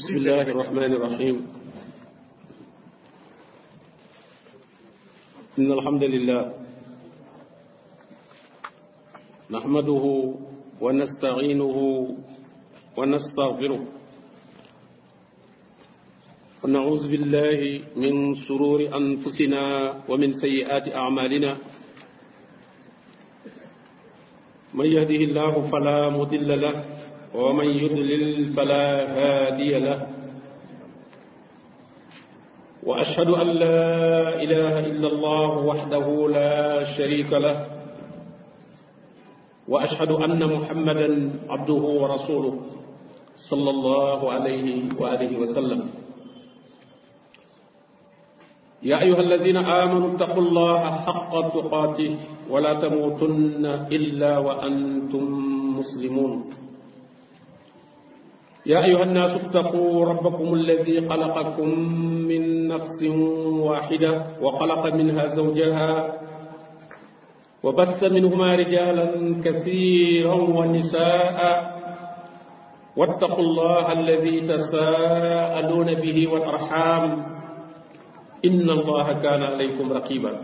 بسم الله الرحمن الرحيم إن الحمد لله نحمده ونستعينه ونستغفره ونعوذ بالله من شرور أنفسنا ومن سيئات أعمالنا من يهده الله فلا مضل له ومن يضلل فلا هادي له وأشهد أن لا إله إلا الله وحده لا شريك له وأشهد أن محمدا عبده ورسوله صلى الله عليه وآله وسلم يا أيها الذين آمنوا اتقوا الله حق تقاته ولا تموتن إلا وأنتم مسلمون يا أيها الناس اتقوا ربكم الذي خلقكم من نفس واحدة وخلق منها زوجها وبث منهما رجالا كثيرا ونساء واتقوا الله الذي تساءلون به والأرحام إن الله كان عليكم رقيبا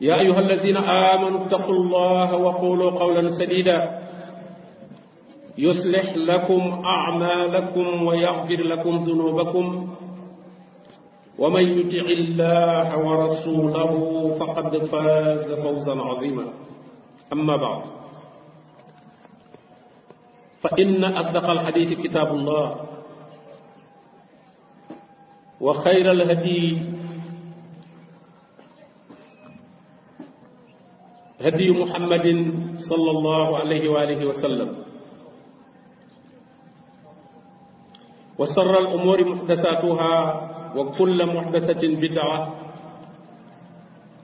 يا أيها الذين آمنوا اتقوا الله وقولوا قولا سديدا يصلح لكم أعمالكم ويغفر لكم ذنوبكم ومن يطع الله ورسوله فقد فاز فوزا عظيما أما بعد فإن أصدق الحديث كتاب الله وخير الهدي هدي محمد صلى الله عليه وآله وسلم wa sarra al umuri muxdasatuha wa kulla muxdasatin bidaa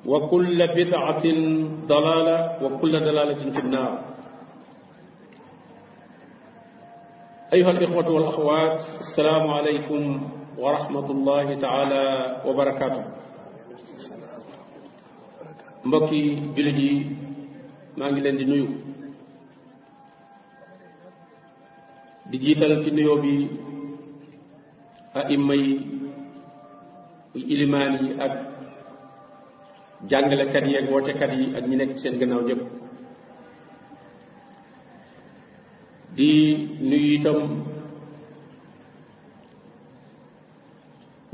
wa kulla bidaatin dalaala wa kulla dalaalatin fi nnaar ayuha al ixwatu wal axawaat assalaamu aleykum wa rahmatullahi taala wa barakaatu mbokki jullit yi maa ngi leen di nuyu di jiital ci nuyoo bi aima yi ilimaan yi ak jàngalekat yi ak wootekat yi ak ñi nekk ci seen gannaaw ñëpp di nuyu itam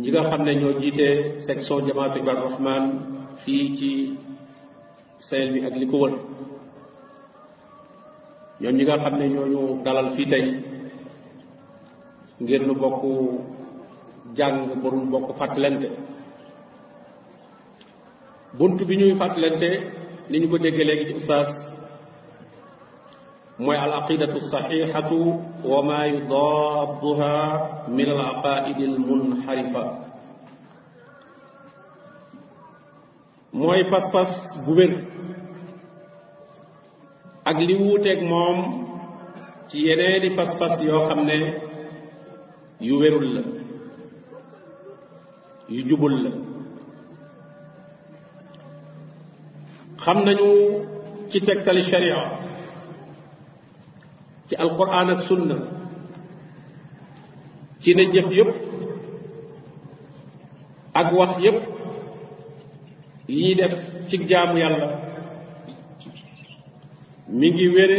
ñi nga xam ne ñoo jiite section jamaatu ibaadu rahmaan fii ci Sahel bi ak li ko wër ñoom ñi nga xam ne ñoo dalal fii tey ngir nu bokk jàng pour mu bokk fàttalante bunt bi ñuy fàttalante ni ñu ko déggee léegi ci ustaas mooy al aqidatu saxiixatu wa maa yudaaduha min al aqaaidi al munxarifa mooy pas-pas bu wér ak li wuuteeg moom ci yeneeni pas-pas yoo xam ne yu wérul la yu jubul la xam nañu ci tegtali sharia ci alquran ak sunna ci ne jëf yëpp ak wax yëpp yi ñuy def ci jaamu yàlla mi ngi wére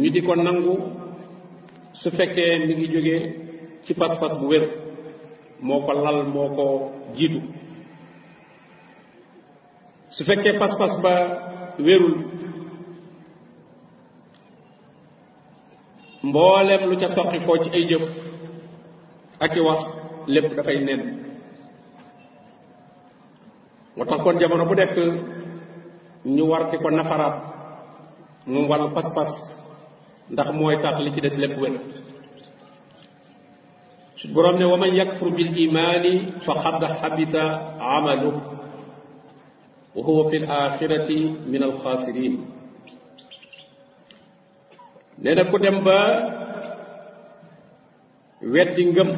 ñu di ko nangu su fekkee mi ngi jógee ci pas-pas bu wér moo ko lal moo ko jiitu su fekkee pas-pas ba wérul mbooleem lu ca soqi koo ci ay jëf ak i wax lépp dafay nen moo kon jamono bu nekk ñu war di ko nafaraat moom wàllu pas-pas ndax mooy tax li ci des lépp wér borom ne wa man yakfur bil imaani faqad xabita amalu wa huwa fi l min alxaasirin nee na ku dem ba weddi ngëm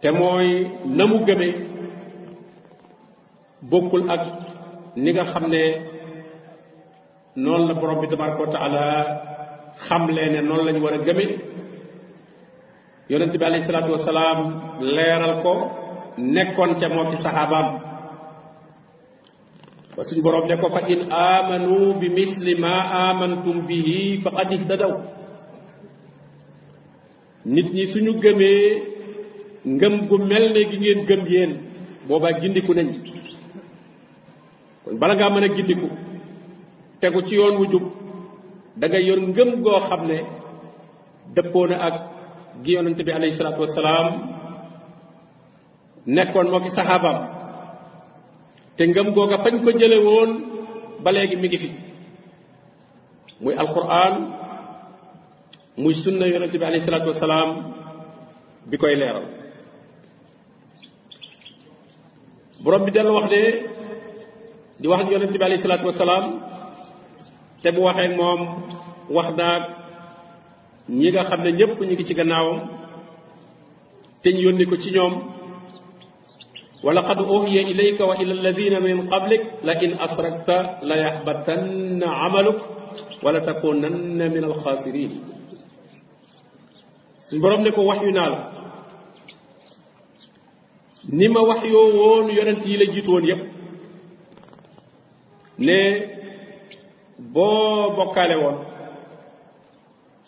te mooy na mu gëme bokkul ak ni nga xam ne noonu la borom bi tabaraka wa taala xam lee ne noonu lañu war a gëme yonent bi alayhi salaatu wasalaam leeral ko nekkoon ca moo ci saxaabaam ba suñ boroom ne ko fa in amanu bi misli ma amantum bihi faqad ihtadaw nit ñi suñu gëmee ngëm gu mel ne gi ngeen gëm yéen boobaa gindiku nañ kon bala ngaa mën a gindiku tegu ci yoon wu jub da nga ngëm goo xam ne dëppoo ak gi yonent bi alayhi salaatu wasalaam nekkoon moo ki saxaabam te ngëm googa fañ ko jële woon ba léegi mi ngi fi muy alquran mu sunna yonent bi alayhi salaatu salaam bi koy leeral borom bi dellu wax de di wax ak yonent bi alayhi salaatu wasalaam te bu waxee moom wax naag ñi nga xam ne ñëpp ñu ngi ci gannaawam te ñu yónni ko ci ñoom wala laqad uhiya ilayka wa ila alladina min qablik la in asrakta la yaxbatanna amaluk wala takunanna min alxaasirin suñ borom ne ko wax naa la ni ma wax yoo woon yonent yi la jiitu woon yépp ne boo bokkaale woon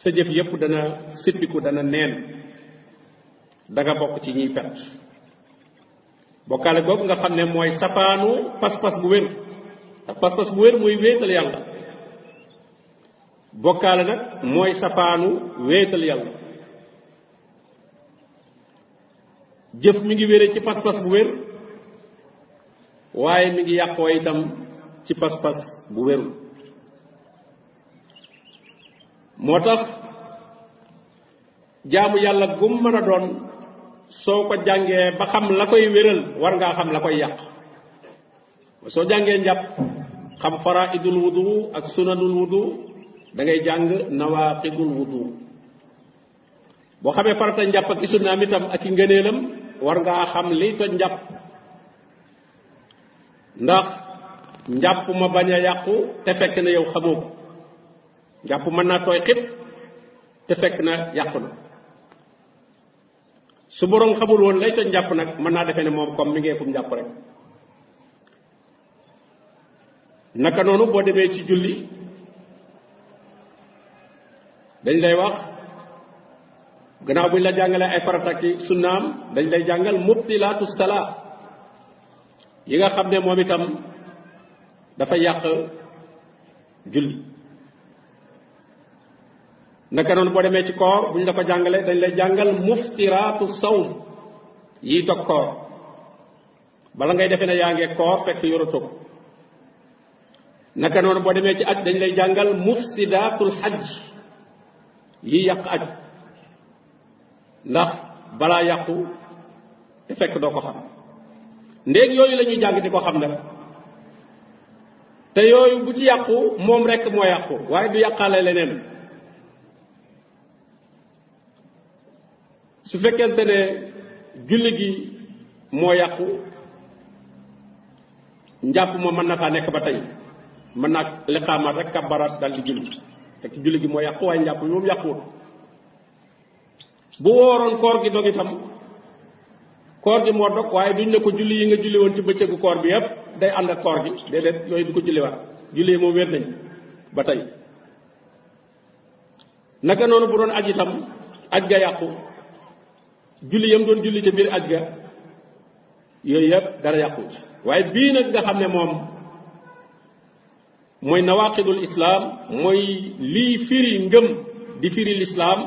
sa jëf yépp dana sippiku dana neen danga bokk ci ñiy perte bokkaale googu nga xam ne mooy safaanu pas-pas bu wér ndax pas-pas bu wér mooy wéetal yàlla bokkaale nag mooy safaanu wéetal yàlla jëf mi ngi wéree ci pas-pas bu wér waaye mi ngi yàqoo itam ci pas-pas bu wérul moo tax jaamu yàlla gum mën a doon soo ko jàngee ba xam la koy wéral war ngaa xam la koy yàq soo jàngee njàpp xam faraidul wudu ak sunanul wudu da ngay jàng nawaqidul wudu boo xamee farata njàpp ak naa sunnaam itam ak i ngëneelam war ngaa xam li toj njàpp ndax njàpp ma bañ a yàqu te fekk na yow xamoo njàpp man naa tooy xib te fekk na yàqu na su boroom xamul woon lay toj njàpp nag mën naa defee ne moom comme mi ngee fum njàpp rek naka noonu boo demee ci julli dañ lay wax gannaaw buñ la jàngalee ay farataki sunnaam dañ lay jàngal mubtilaatu salaa yi nga xam ne moom itam dafa yàq julli naka noonu boo demee ci koor bu ñu la ko jàngalee dañ lay jàngal muftiraatu sawm yiy dog koor bala ngay defee na yaa ngee koor fekk yoratoo ko naka noonu boo demee ci aj dañ lay jàngal mufsidaatul xaj yiy yàq aj ndax balaa yàqu te fekk doo ko xam ndéeg yooyu lañuy ñuy jàng di ko xam ne te yooyu bu ci yàqu moom rekk moo yàqu waaye du yàqaale leneen su fekkente ne julli gi moo yàqu njàpp ma mën na taa nekk ba tey mën naa liqaamaat rek kabbaraat dal di julli fekk julli gi moo yàqu waaye njàpp mi moom yàquwul bu wooroon koor gi dog itam koor gi moo dog waaye duñ ne ko julli yi nga julli woon ci bëccëgu koor bi yépp day ànd ak koor gi déedéet yooyu du ko julliwaat julli yi moo wér nañ ba tey naka noonu bu doon aj itam aj ga yàqu julli yam doon julli ca biir aj ga yooyu yëpp dara yàqu ci waaye bii nag nga xam ne moom mooy nawaqidul islaam mooy lii firi ngëm di firi lislaam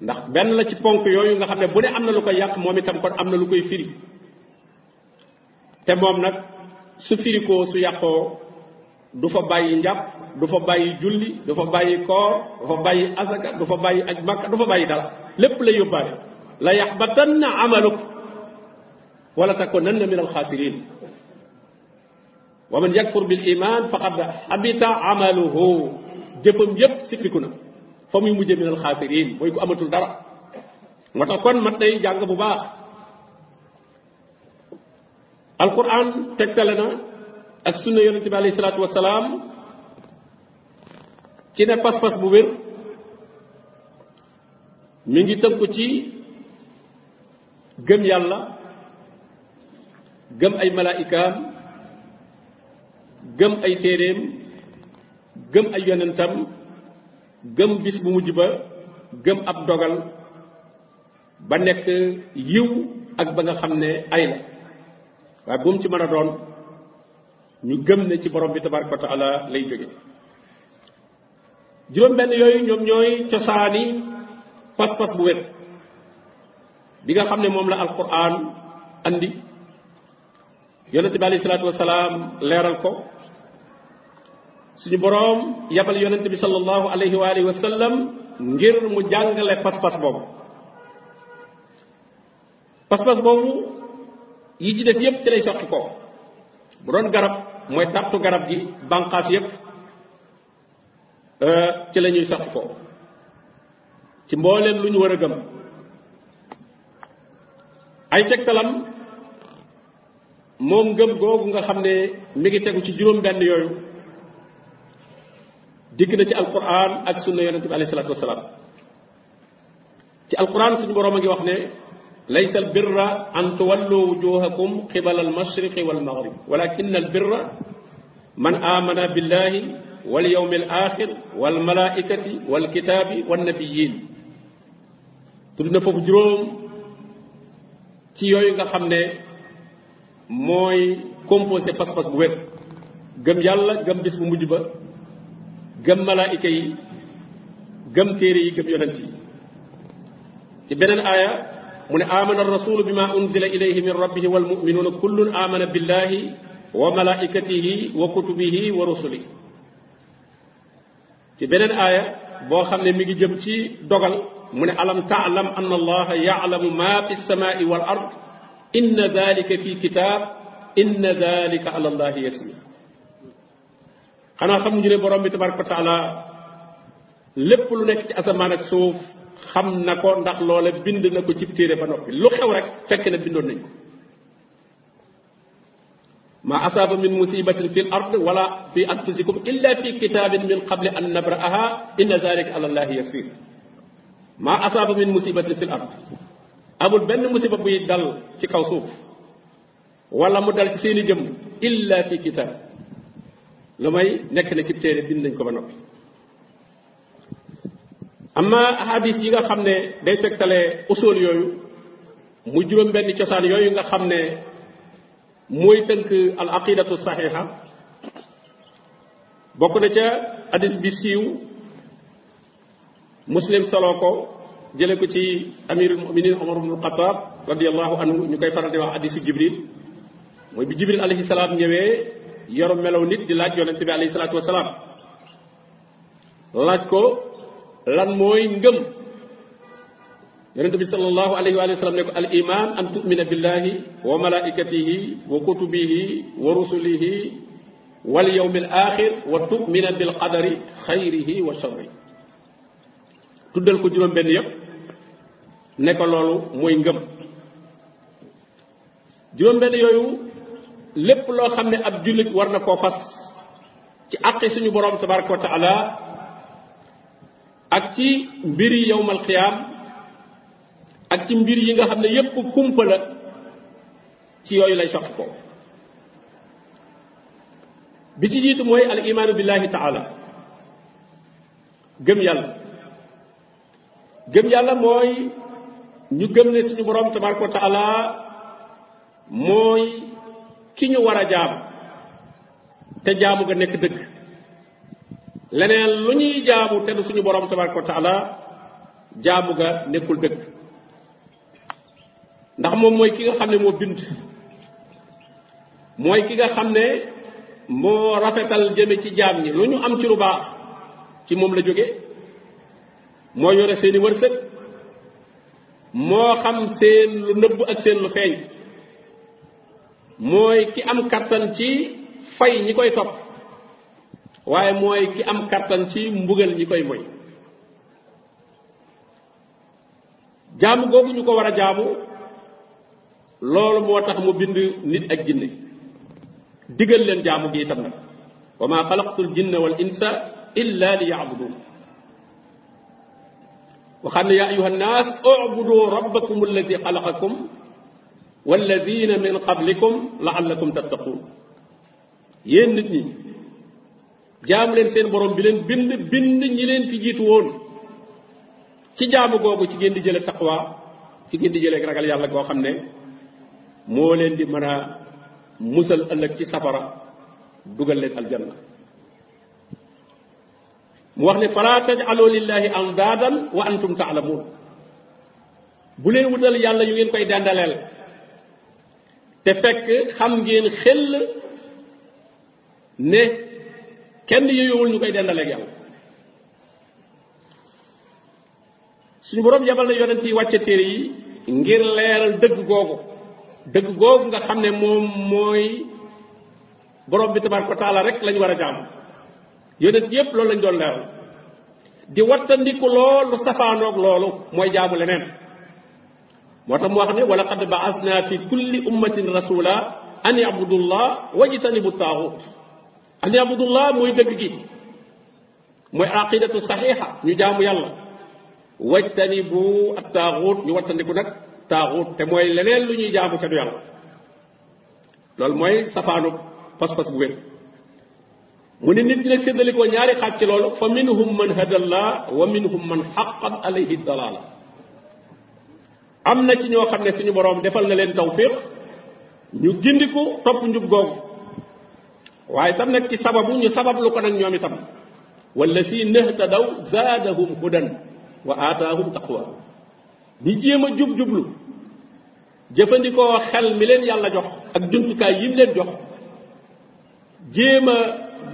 ndax benn la ci ponk yooyu nga xam ne bu ne am na lu ko yàq moom itam kon am na lu koy firi te moom nag su firi ko su yàqoo du fa bàyyi njàpp du fa bàyyi julli du fa bàyyi koor du fa bàyyi asaka du fa bàyyi aj makka du fa bàyyi dara lépp la yóbbaale la yaxbatanna amaluk wala takunanna min alxaasirin wa man yakfur bil iman faqad habita amaluhu jëfam yépp sippiku na fa muy mujjee min alxaasirin mooy ku amatul dara moo tax kon mat nay jàng bu baax alquran tegtale na ak sunna yonente bi alayhi salaatu wasalaam ci ne pas-pas bu wér mi ngi tënku ci gëm yàlla gëm ay malaayikaam gëm ay téeréem gëm ay yonentam gëm bis bu mujj ba gëm ab dogal ba nekk yiw ak ba nga xam ne ay waaye bu ci mën doon ñu gëm ne ci borom bi tabaraka wa taala lay jóge juróom benn yooyu ñoom ñooy cosaani pas-pas bu wet bi nga xam ne moom la alquran andi yonente bi alayhi salaatu wasalaam leeral ko suñu boroom yabal yonente bi sallallahu alayhi wa ngir mu jàngale pas-pas boobu pas-pas boobu yi ci des yépp ci lay sotti ko bu doon garab mooy tàttu garab gi bànqaas yépp euh, ci la ñuy sotti ko ci mbooleem lu ñu war a gëm ay tegtalam moom gëm googu nga xam ne mi ngi tegu ci juróom benn yooyu digg na ci alquran ak sunna yonente bi alayhi salatu wasalaam ci alquran suñu boroom a ngi wax ne laysa al birra an tuwallu wujuhakum qibala al mashriqi wal maghrib walakin al birra man amana billahi wal yawmil aaxir wal malaaikati wal kitaabi wan nabiyyiin tudd na foofu juróom ci yooyu nga xam ne mooy composé pas-pas bu wér gëm yàlla gëm bis bu mujj ba gëm malaayika yi gëm téere yi gëm yonent ci beneen aaya mu ne amana rasulu bi ma unzila ilayhi min rabbihi wal muminuuna kullun amana billahi wa malaikatihi wa kutubihi wa rusulihi ci beneen aaya boo xam ne mi ngi jëm ci dogal mu ne alam taalam anna allaha yaalamu ma fi samaai wal ard inna dalika fi kitaab inna dalika ala allahi yasir xanaa xamuñu ne borom bi tabaraka wa taala lépp lu nekk ci asamaan suuf xam na ko ndax loole bind na ko ci téere ba noppi lu xew rek fekk na bindoon nañ maa asaaba min musibatin fi l ard wala fi anfusikum illa fi kitabin min qable an nabra'aha inna zalika ala allahi yasir asaaba min musibatin fi l amul benn musiba buy dal ci kaw suuf mu dal ci seen i illa fi kitab lu may nekk na ci téere bind nañ ko ba noppi amma ahadis yi nga xam ne day tegtalee usul yooyu mu juróom benn cosaan yooyu nga xam ne mooy tënk al aqidatu saxiixa bokk na ca hadis bi siiw muslim solo ko jële ko ci amirul muminin omar ibnul xataab radiallahu anhu ñu koy faral di wax hadisu jibril mooy bi jibril alayhi salaam ñëwee yoru melaw nit di laaj yonente bi alayhi salaatu wasalaam laaj ko lan mooy ngëm yonente bi sallallahu alayhi wa sallam ne ko al iman an tumina billahi wa malaikatihi wa kutubihi wa rusulihi wal yawmi al axir wa tumina bil qadari xayrihi wa sharri tuddal ko juróom-benn yëpp ne ko loolu mooy ngëm juróom-benn yooyu lépp loo xam ne ab jullit war na koo fas ci àqi suñu borom tabaraka wa taala ak ci mbiri yowmal qiyaam ak ci mbir yi nga xam ne yépp kumpa la ci yooyu lay soq ko bi ci jiitu mooy al imaanu billahi taala gëm yàlla gëm yàlla mooy ñu gëm ne suñu borom tabaraka wa taala mooy ki ñu war a jaam te jaamu nga nekk dëgg leneen lu ñuy jaamu te du suñu borom tabaraka wa taala jaamu nga nekkul dëgg ndax moom mooy ki nga xam ne moo bind mooy ki nga xam ne moo rafetal jëme ci jaam ñi lu ñu am ci lu baax ci moom la jóge moo yore seeni wërsëg moo xam seen lu nëbb ak seen lu feeñ mooy ki am kattan ci fay ñi koy topp waaye mooy ki am kattan ci mbugal ñi koy moy jaamu googu ñu ko war a jaamu loolu moo tax mu bind nit ak jinne digal leen jaamu gi itam nag wa maa xalaqtul jinna wal insa illa li yaabudun waxaan ne yaa ayuha nnaas ubudu rabbakum alladi xalaqakum walladina min tattaquun yéen nit ñi jaamu leen seen borom bi leen bind bind ñi leen fi jiitu woon ci jaamu googu ci ngeen di jële taqwa ci ngeen di jëlee ragal yàlla goo xam ne moo leen di mën a musal ëllëg ci safara dugal leen aljanna mu wax ne fala taj'alu am andaadan wa antum taalamuun bu leen wutal yàlla yu ngeen koy dendaleel te fekk xam ngeen xel ne kenn yeyowul ñu koy dendaleeg yàlla ñu boroom yabal na yonent yi wàcce téere yi ngir leeral dëgg googu dëgg googu nga xam ne moom mooy borom bi tabaaraka wa rek lañ war a jaamu yonent yépp loolu lañ doon leeral di wattandiku loolu safaanoog loolu mooy jaamu leneen moo tax mu wax ne wala qad baasna fi kulli ummatin rasula an yabudullah bu taaxut an yabudullah mooy dëgg gi mooy aqidatu saxiixa ñu jaamu yàlla wajtanibu attaaxut ñu wattandiku nag taaxut te mooy leneen lu ñuy jaamu ca du loolu mooy safaanu pas-pas bu wér mu ne nit ñi nag séddalikoo ñaari xaaj ci loolu fa minhum man hadallah wa minhum man xaqat alayhi dalaala am na ci ñoo xam ne suñu boroom defal na leen tawfiq ñu gindiku topp njub googu waaye tam nag ci sababu ñu sabab lu ko nag ñoom itam walla si nëhtadaw zaadahum hudan wa aataahum taqwa ñi jéem a jub jublu jëfandikoo xel mi leen yàlla jox ak jumtukaay yim leen jox jéem a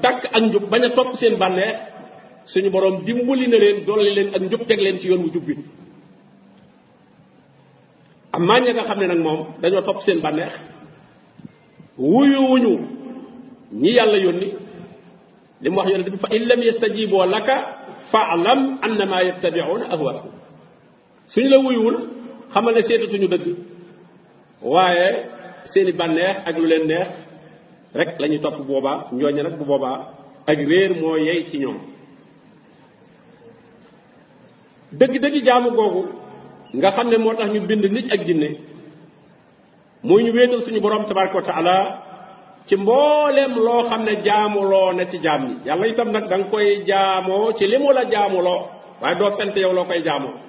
ak njub bañ a topp seen bànneex suñu borom dimbali na leen doole leen ak njub teg leen ci yoon wu jub bi am na nga xam ne nag moom dañoo topp seen bànneex wuyuwuñu ñi yàlla yónni li mu wax yonente bi fa in lam yastajibu laka fa alam annama yattabiuna ahwaahum suñ la wuyuwul xamal ne seetatuñu dëgg waaye seeni bànneex ak lu leen neex rek lañuy ñuy topp boobaa ñooñu nag bu boobaa ak réer moo yey ci ñoom dëgg-dëgg jaamu googu nga xam ne moo tax ñu bind nit ak jinne muy ñu wéetal suñu borom tabaraka wa taala ci mbooleem loo xam ne jaamuloo na ci jaam yi yàlla itam nag da koy jaamoo ci li mu la jaamuloo waaye doo fent yow loo koy jaamoo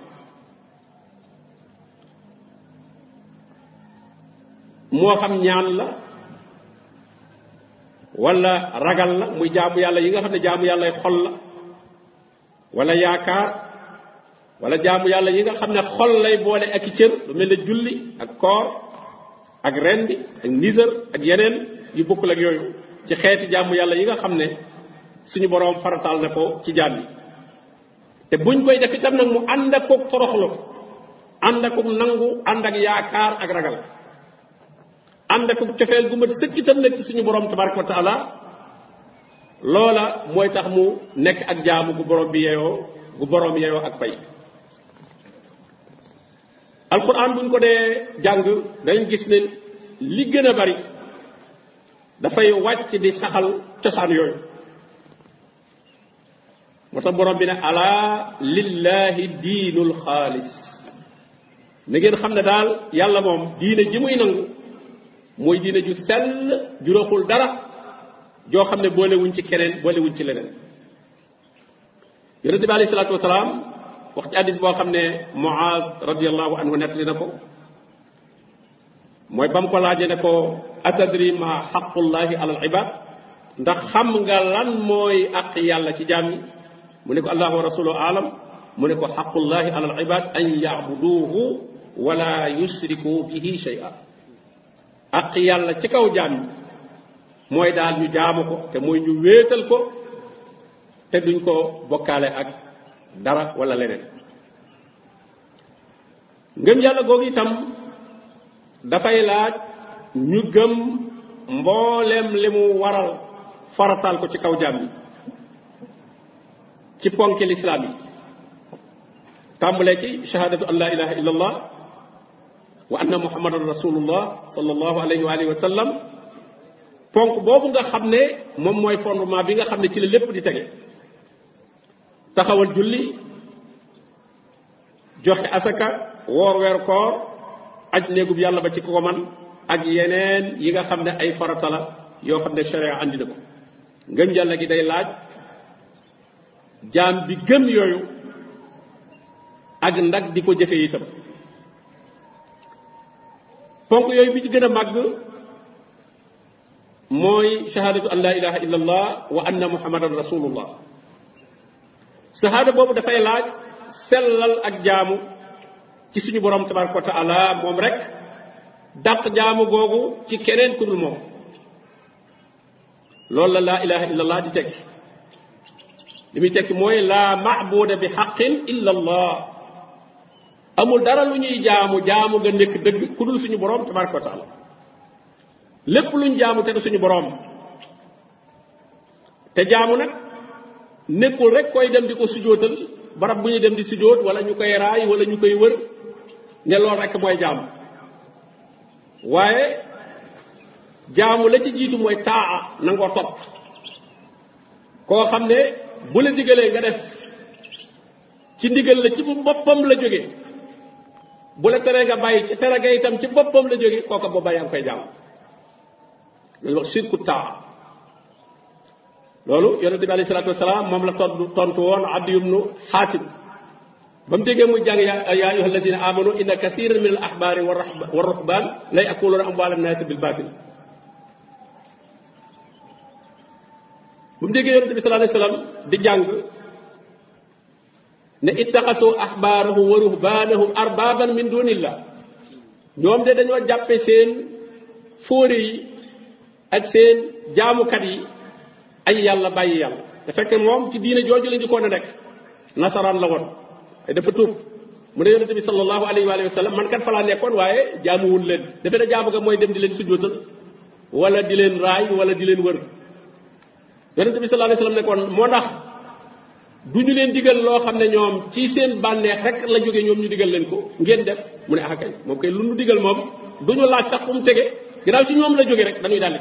moo xam ñaan la wala ragal la muy jaamu yàlla yi nga xam ne jaamu yàllay xol la wala yaakaar wala jaamu yàlla yi nga xam ne xol lay boole ak i cër lu mel ne julli ak koor ak rendi ak nisër ak yeneen yu bokkul ak yooyu ci xeeti jaamu yàlla yi nga xam ne suñu boroom farataal na ko ci jaam te buñ koy def itam nag mu ànd ak koog toroxlu ànd ak koog nangu ànd ak yaakaar ak ragal ànd ak cofeel gu mat sëkk itam suñu borom tabaraka wa taala loola mooy tax mu nekk ak jaamu gu borom bi yeyoo gu borom yeyoo ak pay alquran buñ ko dee jàng dañ gis ne li gën a bari dafay wàcc di saxal cosaan yooyu moo tax borom bi ne ala lillahi diinul xaalis na ngeen xam ne daal yàlla moom diine ji muy nangu mooy diine ju sell ju roxul dara joo xam ne boolewuñ ci keneen boolewuñ ci leneen yonente bi alayhi salaatu wasalaam wax ci addis boo xam ne Muaz radiallahu anhu nettali na ko mooy ba mu ko laajee ne ko atadri ma xaqullahi alal ibad ndax xam nga lan mooy àq yàlla ci jaam yi mu ne ko allahu wa rasulu alam mu ne ko xaqullahi alal ibad an yaabuduuhu wala yusriku bihi shay'a ak yàlla ci kaw jaam yi mooy daal ñu jaamu ko te mooy ñu wéetal ko te duñ ko bokkaale ak dara walla leneen ngëm yàlla googu itam dafay laaj ñu gëm mbooleem li mu waral farataal ko ci kaw jaam yi ci ponki lislaam yi tàmbulee ci shahadatu an la ilaha illallah wa anna muhammadan rasulullah sallallahu alayhi wa alihi wa sallam ponk boobu nga xam ne moom mooy fondement bi nga xam ne ci la lépp di tege taxawal julli joxe asaka woor weer koor aj néegub yàlla ba ci ko man ak yeneen yi nga xam ne ay faratala la yoo xam ne sharia andi ko ngëm yàlla gi day laaj jaam bi gëm yooyu ak ndag di ko jëfe itam ponk yooyu bi ci gën a màgg mooy shahadatu an la ilaha illa allah wa anna muhammadan rasulullah shahada boobu dafay laaj sellal ak jaamu ci suñu borom tabaraka wa taala moom rek daq jaamu googu ci keneen ku dul moom loolu la laa ilaha illa allah di tekki li muy tekki mooy laa maabuda bi xaqin illa allah amul dara lu ñuy jaamu jaamu nga nekk dëgg ku dul suñu borom tabaraka wa taala lépp luñ jaamu te du suñu borom te jaamu nag nekkul rek koy dem di ko sujootal barab bu ñu dem di sujoot wala ñu koy raay wala ñu koy wër ne loolu rek mooy jaamu waaye jaamu la ci jiitu mooy taa nangoo topp koo xam ne bu la digalee nga def ci ndigal la ci bu boppam la jóge bu la teree nga bàyyi ci tere ga itam ci boppam la jóge kooka booba yaa ngi koy jàmm loolu wax sirku taa loolu yonente bi alayhi salaatu wasalaam moom la tontu tontu woon Adiy ibnu Xaatim ba mu déggee muy jàng yaa yaa ayyuha allazina amanu inna kasiran min al ahbaari wa ruhbaan la yakuluuna amwaala nnaasi bil baatil ba mu déggee yonente bi sallallahu alayhi wasallam di jàng ne ittaxasoo axbaarahum wa ruhbaanahum arbaaban min dunillah ñoom de dañoo jàppe seen fóore yi ak seen jaamukat yi ay yàlla bàyyi yàlla te fekk moom ci diine jooju la njëkkoon a nekk nasaraan la woon ay dafa tuub mu ne yonente bi sallallahu alayhi wa sallam man kat nekkoon waaye jaamuwul leen defe na jaamu ga mooy dem di leen sujjootal wala di leen raay wala di leen wër yonente bi sallallahu alayhi wa nekkoon moo tax du ñu leen digal loo xam ne ñoom ci seen bànneex rek la jóge ñoom ñu digal leen ko ngeen def mu ne ah kay moom kay lu ñu digal moom du ñu laaj sax fu mu tege ginnaaw ci ñoom la jóge rek dañuy daal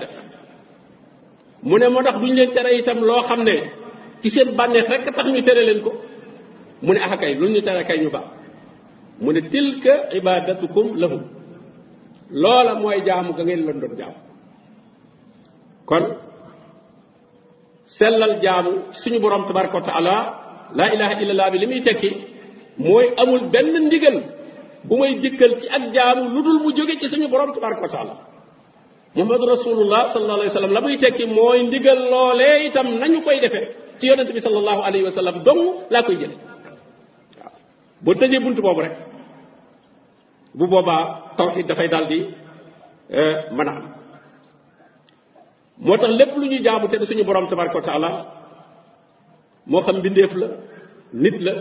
ne moo tax du leen tere itam loo xam ne ci seen bànneex rek tax ñu tere leen ko mu ne ah kay lu ñu tere kay ñu baax mu ne tilka ibadatukum lahum loola mooy jaamu ga ngeen leen doon jaamu kon sellal jaamu suñu borom tabaraka wa taala laa ilaha illallah bi li muy tekki mooy amul benn ndigal bu may dikkal ci ak jaamu lu dul mu jóge ci suñu borom tabaraka wa taala muhammadu rasulullah sallallahu alayhi wa la muy tekki mooy ndigal loolee itam nañu koy defee ci yonente bi sallallahu alayhi wa sallam dong laa koy jële waaw bu tëjee bunt boobu rek bu boobaa tawxid dafay daal di eh, mën a am moo tax lépp lu ñu jaamu te di suñu borom tabaraka wa moo xam mbindeef la nit la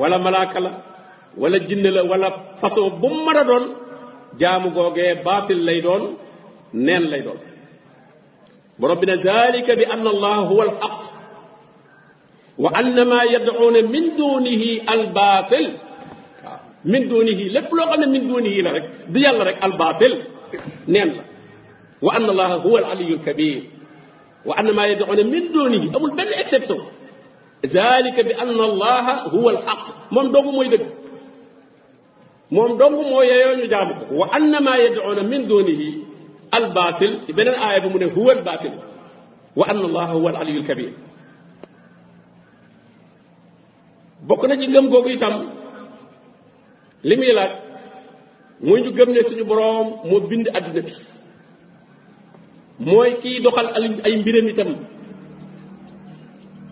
wala malaaka la wala jinne la wala façon bu mu doon jaamu googee baatil lay doon neen lay doon borom bi ne zalika bi anna allah huwa al wa anna ma yad'una min dunihi al baatil min dunihi lépp loo ne min la rek du yàlla rek al baatil neen la wa anna allaha huwa al aliyul kabir wa anna maa yad'una min dunihi amul benn exception zalika bi anna allaha huwa al haq moom dong mooy dëgg moom dong moo yeyoo ñu jaamu ko wa anna maa yad'una min dunihi al batil ci beneen aaya bi mu ne huwa al batil wa anna allaha huwa al aliyul kabir bokk na ci ngëm googu itam li muy laaj muy ñu gëm ne suñu boroom moo bind adduna bi mooy kiy doxal ay mbiram itam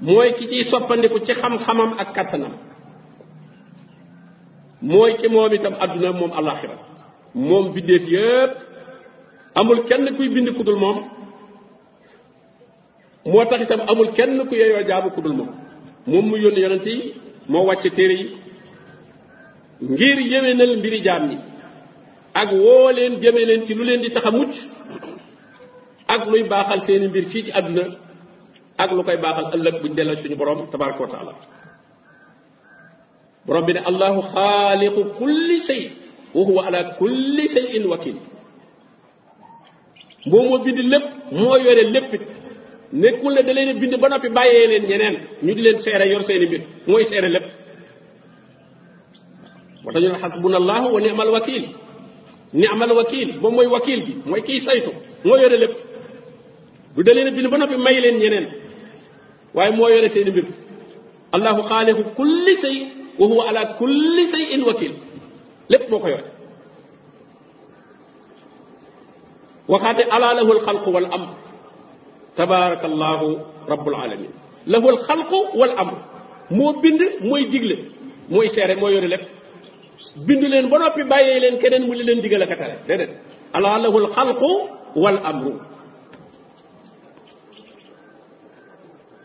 mooy ki ciy soppandiku ci xam-xamam ak kàttanam mooy ki moom itam adduna moom alaxira moom bindeef yépp amul kenn kuy bind ku moom moo tax itam amul kenn ku yeyoo jaabu ku moom moom mu yónni yonent yi moo wàcce téere yi ngir yéwénal mbiri jaam yi ak woo leen jëme leen ci lu leen di tax a mucc ak luy baaxal seeni mbir fii ci ak lu koy baaxal ëllëg buñ suñu borom tabaraka wa bi ne allahu xaaliqu kulli shay wa huwa ala bind lépp moo yore lépp it nekkul ne leen bind ba noppi bàyyee leen ñeneen ñu di leen seere yor seeni mbir mooy seere lépp moo tax ñu ne xasbuna allahu wa ni'mal wakil ni'mal wakil moom mooy wakil bi mooy kiy saytu moo yore lépp du da leen bind ba noppi may leen ñeneen waaye moo yore seen mbir allahu xaaliqu kulli shay wa huwa kulli shay'in wakil lépp moo ko yore waxaate ala lahu alxalqu wal amr tabaraka allahu rabbul alamin lahu alxalqu wal amr moo bind mooy digle mooy seere moo yore lépp bind leen ba noppi bàyyee leen keneen mu li leen digal ak a tere déedéet ala lahu alxalqu wal amru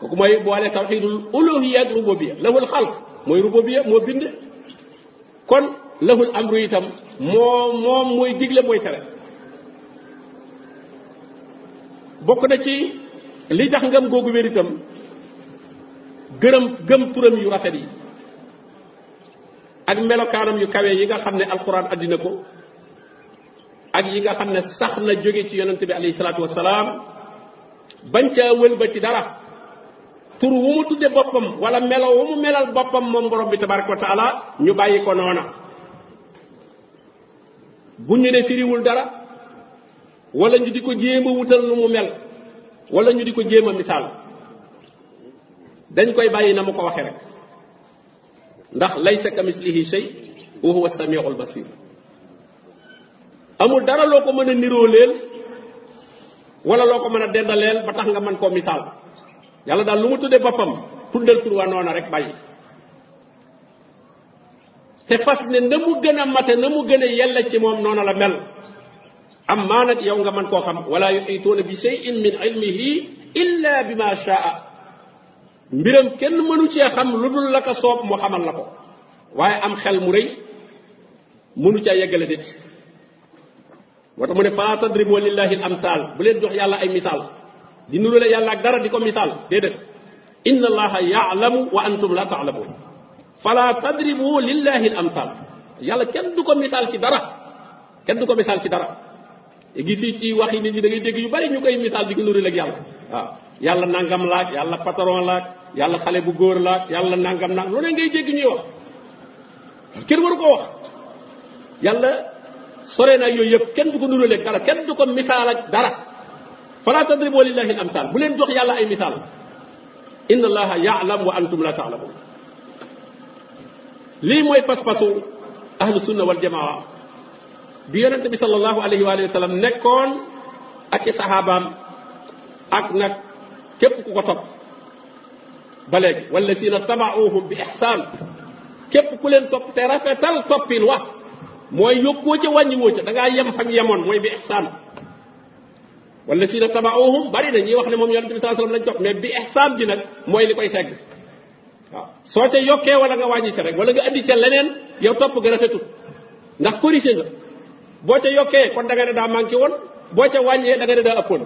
kooku mooy boole tawxidul uluhiya ak rububiya lahul xalq mooy rububiya moo bind kon lahul amru itam moo moom mooy digle mooy tere bokk na ci li tax ngam googu wér itam gërëm gëm turam yu rafet yi ak melokaanam yu kawe yi nga xam ne alquran addina ko ak yi nga xam ne sax na jóge ci yonente bi alayhi salaatu wasalaam bañ ca wëlba ci dara tur wu mu tudde boppam wala melo wu mu melal boppam moom borom bi tabaraka wa taala ñu bàyyi ko noona bu ñu ne firiwul dara wala ñu di ko jéem a wutal lu mu mel wala ñu di ko jéem a misaal dañ koy bàyyi na mu ko waxee rek ndax laysa kamislihi shay wa huwa samiul basir amul dara loo ko mën a niróoleel wala loo ko mën a dendaleel ba tax nga mën koo misaal yàlla daal lu mu tuddee boppam tuddal tur wa noona rek bàyyi te fas ne na mu gën a mate na mu gën a yella ci moom noona la mel am maa nag yow nga mën koo xam wala yuhituuna bi shay'in min ilmihi bi ma shaa mbiram kenn mënu cee xam lu dul la soob mu xamal la ko waaye am xel mu rëy mënu caa yeggale nit moo tax mu ne faa tadribu lillahi am amsal bu leen jox yàlla ay misaal di nurale yàlla ak dara di ko misaal déedéet inna allaha yaalamu wa antum la taalamuun fala tadribu lillahi al yàlla kenn du ko misaal ci dara kenn ko misaal ci dara léegi wax yi nit ñi da dégg yu bari ñu koy misaal di ko nurale ak yàlla waaw yàlla nangam laak yàlla patron laak yàlla xale bu góor laak yàlla nangam naak lu ne ngay dégg ñuy wax kenn waru ko wax yàlla sore na yooyu yëpp kenn du ko nurale ak dara kenn du ko misaal ak dara fala tadribu lillahi l amsal bu leen jox yàlla ay misaal inna allaha yaalam wa antum la taalamun lii mooy pas-pasu ahlu sunna wal jamaa bi yonente bi sallallahu nekkoon ak i saxaabaam ak nag képp ku ko topp ba léegi bi ixsaan képp ku leen top te rafetal toppin wax mooy yokkoo ca wàññiwoo ca da ngaa yem mooy bi ixsaan wala si na tabaouhum bari na ñuy wax ne moom yonente bi saa sallam lañ topp mais bi ihsaan ji nag mooy li koy segg waaw soo ca yokkee wala nga wàññi si rek wala nga andi ca leneen yow topp ga rafetul ndax corrigé nga boo ca yokkee kon da nga ne daa manqué woon boo ca wàññee da nga ne daa ëppoon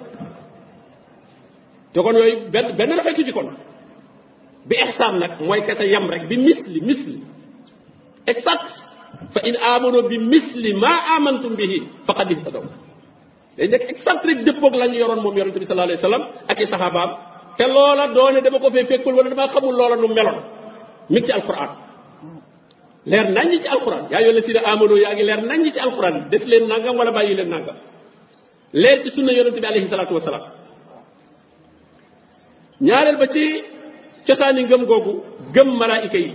te kon yooyu benn benn rafetu ci kon bi ihsaan nag mooy ka ca yem rek bi misli misli exact fa in amano bi misli ma amantum bihi faqad ihtadaw day nekk excentrique dëppoog la ñu yoroon moom yonente bi sallallahu alayhi wasallam ak i saxaabaam te loola doone dama ko fee fekkul wala damaa xamul loola nu meloon mi ngi ci alquran leer nañ ci alquran yaa yolla si na amano yaa ngi leer nañ ci alquran def leen nangam wala bàyyi leen nangam leer ci sunna yonente bi alayhi salaatu wasalaam ñaareel ba ci cosaani ngëm googu gëm malaayika yi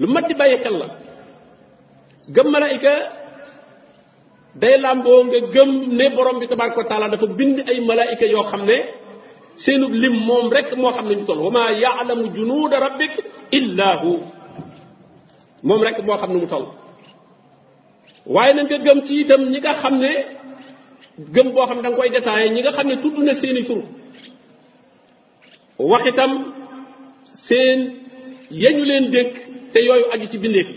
lu mat di bàyyi xel la gëm malaayika day làmboo nga gëm ne borom bi tabaraka wa taala dafa bind ay malaayika yoo xam ne seenub lim moom rek moo xam ne ñu toll wa maa yaalamu junuuda rabbik illa hu moom rek moo xam ne mu toll waaye na gëm ci itam ñi nga xam ne gëm boo xam ne da nga koy détaillé ñi nga xam ne tudd na seeni tur wax itam seen yañu leen dénk te yooyu aju ci bindeef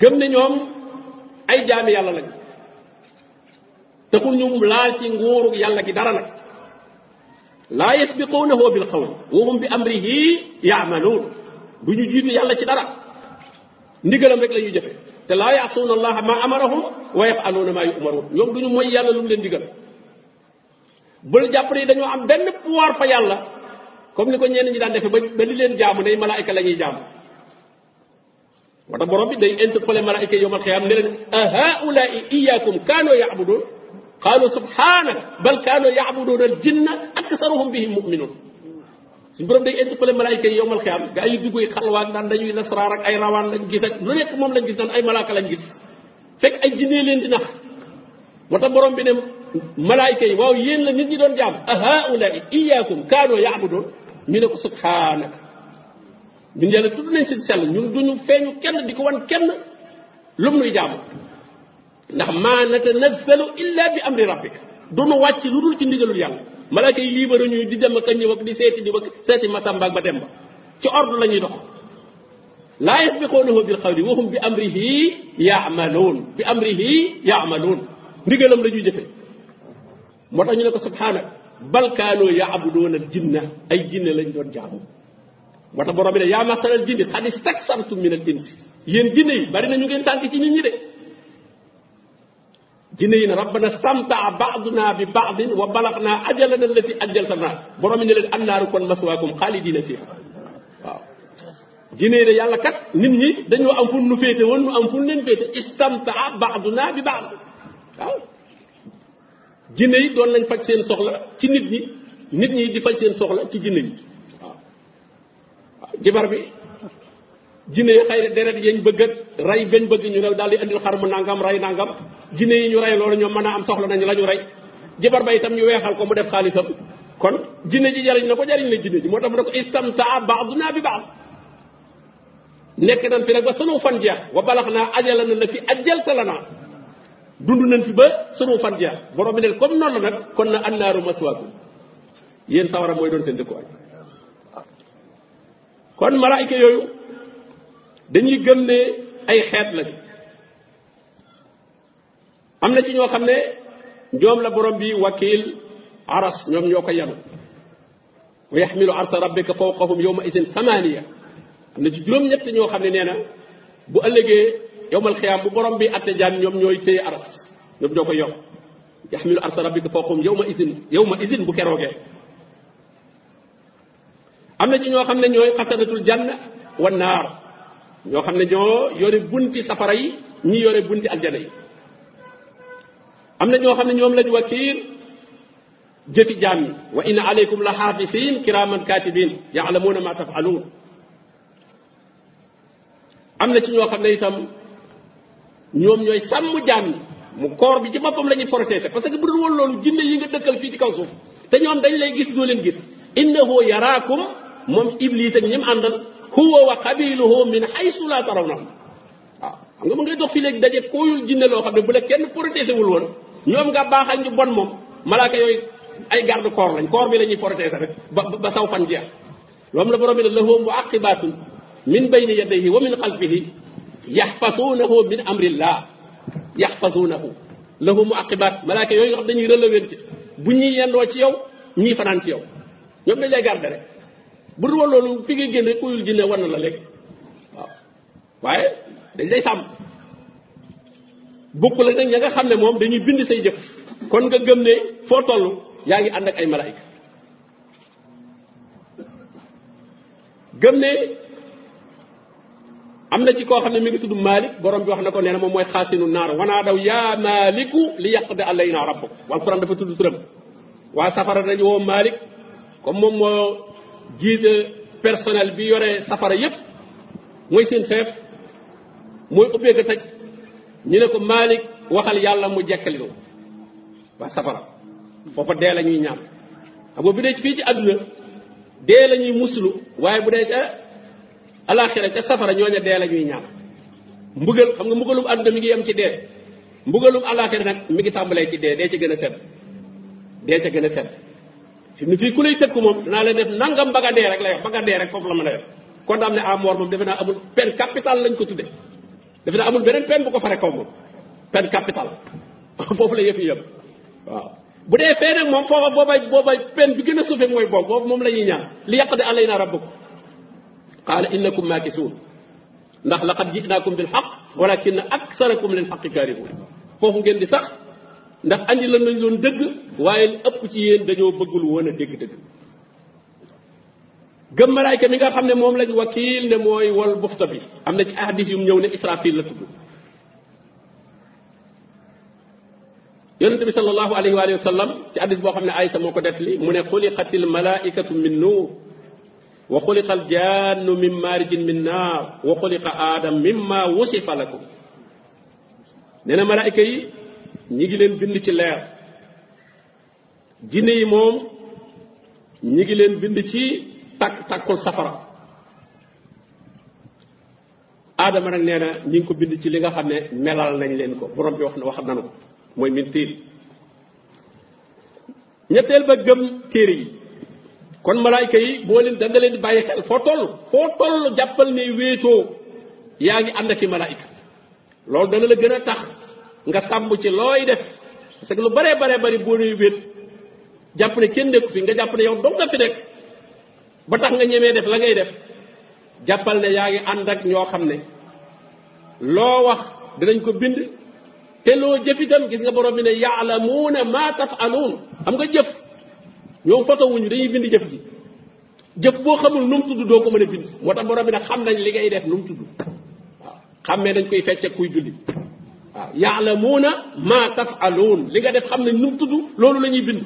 gëm ne ñoom ay jaami yàlla lañ taxul ñu laal ci nguuru yàlla ki dara nag laa yasbiquunahu bil qawl wa hum am amrihi yaamaluun du ñu jiitu yàlla ci dara ndigalam rek la ñuy jëfe te laa yaasuuna allaha ma amarahum wa yafaluuna maa yumaruun ñoom du ñu mooy yàlla lu mu leen digal bul jàpp ne dañoo am benn pouvoir fa yàlla comme ni ko ñenn ñi daan defe ba li leen jaamu day malaayka la ñuy jaamu moo tax bi day interpellé malaayika yowm alqiyama ne leen a haulaai iyakum kaanoo yacbuduun qaalu subhanaka bal kaanoo yacbuduun al jinna aksaruhum bihim muminuun suñu borom day ay rawaan lañ gis ak lu lañ gis ay malaaka lañ gis fekk ay jinnee leen di nax moo tax borom bi ne malaayika yi waaw yéen la nit ñi doon jaam a haulaai iyakum kaanoo yacbuduun ñu ñun yàlla tudd nañ si sell ñun duñu feeñu kenn di ko wan kenn lu nuy jaamu ndax maa natanazzalu illa bi amri rabbik duñu wàcc lu dul ci ndigalul yàlla malaaka yi liibaru ñuy di dem ak a ñëw ak di seeti di seeti masamba ak ba dem ba ci ordre la ñuy dox laa yasbiqoonahu bil qawli wa hum bi amrihi yaamaloon bi ya yaamaloon ndigalam la ñuy jëfe moo tax ñu ne ko subhaanaka bal kaanoo yaabudoona al jinna ay jinne lañ doon jaamu wat tax borom bi ne yaa masalal jinni xad istaksartum min al insi yéen jinne yi bari nañu ñu ngeen tànk ci nit ñi de jinne yi na rabbana stamtaa baaduna bi baadin wa balaxna ajalana allati ajjaltana borom bi ne leen annaaru kon maswaakum xaalidina fiha waaw ne yàlla kat nit ñi dañoo am fu nu am fu leen féete istamtaa bi baad waaw jinne yi doon lañ faj seen soxla ci nit ñi nit ñi di faj seen soxla ci jinne yi jibar bi jinne yi xëy na deret yañ bëgg ak rey gañ bëgg ñu ne daal di andil xar mu nàngam rey nàngam jinne yi ñu rey loolu ñoom mën a am soxla nañu la ñu rey jibar ba itam ñu weexal ko mu def xaalisam kon jinne ji jariñ na ko jariñ na jinne ji moo tax mu ne ko istamtaa baaduna bi baad nekk nañ fi nag ba sunu fan jeex wa balax naa ajala na la fi ajalta la dundu dund nañ fi ba sunu fan jeex borom bi ne comme non la nag kon na annaaru maswaakum yéen sawara mooy doon seen dëkkuwaay kon malaayka yooyu dañuy gëm ay xeet lañ am na ci ñoo xam ne ñoom la borom bi wakiil aras ñoom ñoo ko yanu wa yaxmilu arsa rabbika fawqahum yawma isin samaniya am na ci juróom-ñett ñoo xam ne nee na bu ëllëgee yowmal xiyaam bu borom bi atte jaan ñoom ñooy téye aras ñoom ñoo ko yor yaxmilu arsa rabbika fawqahum yawma isin yawma isin bu keroogee am na ci ñoo xam ne ñooy xasanatul janna wa naar ñoo xam ne ñoo yore bunti safara yi ñi yore bunti aljana yi am na ñoo xam ne ñoom lañu wakiir jëfi jaam yi wa inna aleykum la xaafisin kiraaman katibin yaalamuuna ma tafaluun am na ci ñoo xam ne itam ñoom ñooy sàmm jaam yi mu koor bi ci boppam la ñuy protéger parce que bu dul woon loolu jinne yi nga dëkkal fii ci kaw suuf te ñoom dañ lay gis doo leen gis innahu yaraakum moom iblis ak ñim àndal huwa wa qabiluhu min haysu la tarawnahum waaw xam nga mu ngay dox fi léegi daje kooyul jinne loo xam ne bu la kenn protéger wul woon ñoom nga baax ak ñu bon moom malaaka yooyu ay garde corps lañ corps bi la ñuy protéger rek ba ba saw fan jeex loolu la borom bi ne lahu muaqibatun min bayni yadayhi wa min xalfihi yaxfasuunahu min amrillah yaxfasuunahu lahu muaqibat malaaka yooyu nga xam dañuy relever ci bu ñuy yendoo ci yow ñii fanaan ci yow ñoom dañ lay garde bu dul woon loolu fi ngay génne kuyul jinne war na la léegi waaw waaye dañ lay sàmm bokk la nag nga xam ne moom dañuy bind say jëf kon nga gëm ne yaa ngi ànd ay malaayika gëm ne am na ci koo xam ne mi ngi tudd Malik borom bi wax na ko nee moom mooy xaasinu naar wanaa daw yaa maaliku li yaqdi alayna rabbuk wal quran dafa tudd turam waa safara dañu woo Malik comme moom moo guide personnel bi yore safara yépp mooy seen chef mooy ubbee ko tëj ñu ne ko Malick waxal yàlla mu jekkalinu waa safara foofa dee la ñuy ñaan xam nga bu dee fii ci àdduna dee lañuy ñuy waaye bu dee ca alaxira ca safara ñooñe dee la ñuy ñaan mbugal xam nga mbugalum àdduna mi ngi yem ci dee mbugalum alaxira nag mi ngi tàmbalee ci dee dee ci gën a set dee ca gën a set fi mu ne fii ku lay tëkk moom naa leen def nangam baga dee rek lay wax baga dee rek foofu la mën a kon condamné à mort moom defe naa amul peine capitale lañ ko tudde defe na amul beneen peine bu ko fare kaw moom peine capitale foofu la yëf yi yem waaw bu dee fee moom foofa boobay boobay peine bi gën a suufe mooy boobu moom la ñuy ñaan li yaqdi alayna rabbukum qaala innakum maakisuun ndax laqad jinaakum bil xaq walakin aksarakum lil xaqi kaarihuun foofu ngeen di sax ndax andi la nañ doon dëgg waaye li ëpp ci yéen dañoo bëggul woon a dëgg gëm malaayka mi nga xam ne moom lañu wakiil ne mooy wol bufta bi am na ci ahdis yum ñëw ne israfil la tudd yonente bi sallallahu alayhi wa ci addis boo xam ne aysa moo ko detli mu ne xuliqatil malaikatu min nuur wa xuliqa al jannu min maarijin min naar wa xuliqa aadam mimma wusifa lakum nee na yi ñi ngi leen bind ci leer jinne yi moom ñi ngi leen bind ci tàkk tàkkul safara aadama nag nee ñi ngi ko bind ci li nga xam ne melal nañ leen ko borom bi wax na wax nanu ko mooy min ñetteel ba gëm téere yi kon malaayka yi boo leen danga leen di bàyyi xel foo toll foo toll jàppal ne wéetoo yaa ngi ànd ak i malaayka loolu dana la gën a tax nga sàmm ci looy def parce que lu baree baree bari boo nuy wéet jàpp ne kenn nekku fi nga jàpp ne yow dong nga fi ba tax nga ñemee def la ngay def jàppal ne yaa ngi ànd ak ñoo xam ne loo wax dinañ ko bind te loo jëf itam gis nga borom bi ne yaalamuuna ma tafaluun xam nga jëf ñoom foto dañuy bind jëf ji jëf boo xamul nu tudd doo ko mën a bind moo tax borom bi nag xam nañ li ngay def nu mu tudd waaw xàmmee dañ koy fecc kuy julli waaw ah, yaalamuuna maa tafaluun li nga def xam nañ nu mu tudd loolu la ñuy bind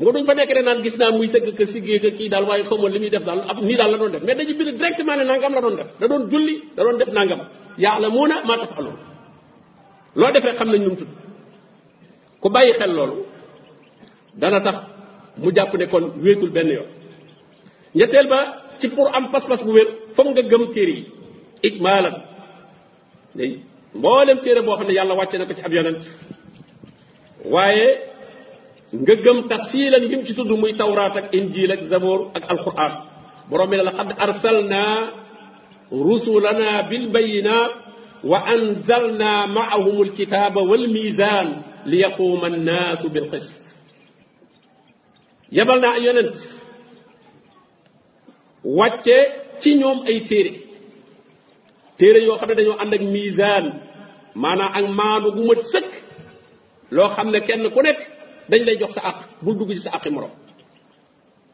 nga duñ fa nekk ne naan gis naa muy sëgg ka siggee ka kii daal waaye xamoon li muy def daal ab nii daal la doon def mais dañuy bind directement ne nangam la doon def da doon julli da doon def nangam yaalamuuna maa tafaluun loo def rek xam nañ nu mu tudd ku bàyyi xel loolu dana tax mu jàpp ne kon wéetul benn yoon ñetteel ba ci pour am pas-pas bu wér foog nga gëm téere yi ijmaalan mboolem téere boo xam ne yàlla wàcce na ko ci ab yonent waaye nga gëm tafsilan yi ci tudd muy tawraat ak injil ak zabor ak alquran borom bi ne laqad arsalna rusulana bilbayinat wa anzalna maahum alkitaba walmizan li yaquuma annaasu bilqist yebal naa ay yonent wàcce ci ñoom ay téere téere yoo xam ne dañoo ànd ak misaan maanaam ak maandu gu mat sëkk loo xam ne kenn ku nekk dañ lay jox sa àq bul dugg ci sa àqi morom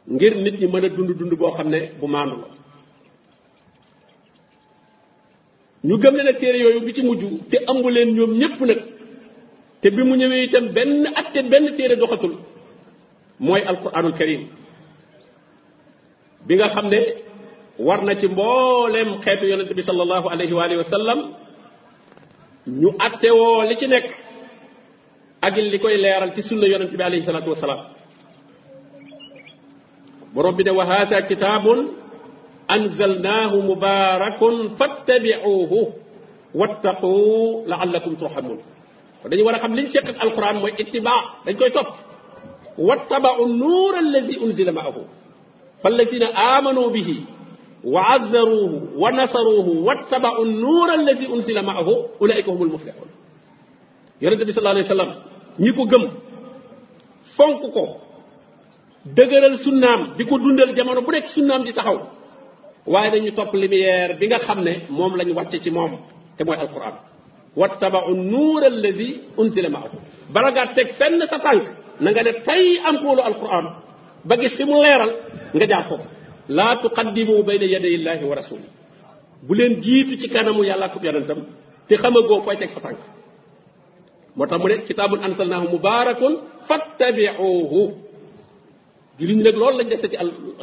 ngir nit ñi mën a dund dund boo xam ne bu maandu la ñu gëm ne nag téere yooyu bi ci mujj te ëmb leen ñoom ñépp nag te bi mu ñëwee itam benn at benn téere doxatul mooy alquranul karim bi nga xam ne war na ci mbooleem xeetu yonent bi sallallahu alayhi wa alihi wa sallam ñu attewoo li ci nekk ak li koy leeral ci sunna yonent bi alayhi salaatu wasalaam borom bi ne wa haasa kitaabun anzalnaahu mubaarakun fattabiuuhu wattaqu laallakum turhamun kon dañu war a xam liñ seq ak alquran mooy ittibaa dañ koy topp wattabau nuur allazi unzila maahu fallazina aamanu bihi wa azzaruuhu wa nasaruuhu wattabau nuura alladi unsila maahu ulaika humul muflihun yonente bi sallallahu alayhi wa sallam ñi ko gëm fonk ko dëgëral sunnaam di ko dundal jamono bu nekk sunnaam di taxaw waaye dañu topp lumière bi nga xam ne moom lañ wàcce ci moom te mooy alquran wattabau nuura alladi unsila maahu bala ngaa teg fenn sa tànk na nga ne tey am xoolu alquran ba gis fi mu leeral nga jaar foofu laa tuqaddimu bayna yaday illahi wa rasuli bu leen jiitu ci kanamu yàlla ak yonentam te xamagoo fooy teg sa tànk moo tax mu ne kitaabun ansalnaahu mubaarakun fattabiuhu jullit ñi nag loolu lañ dese ci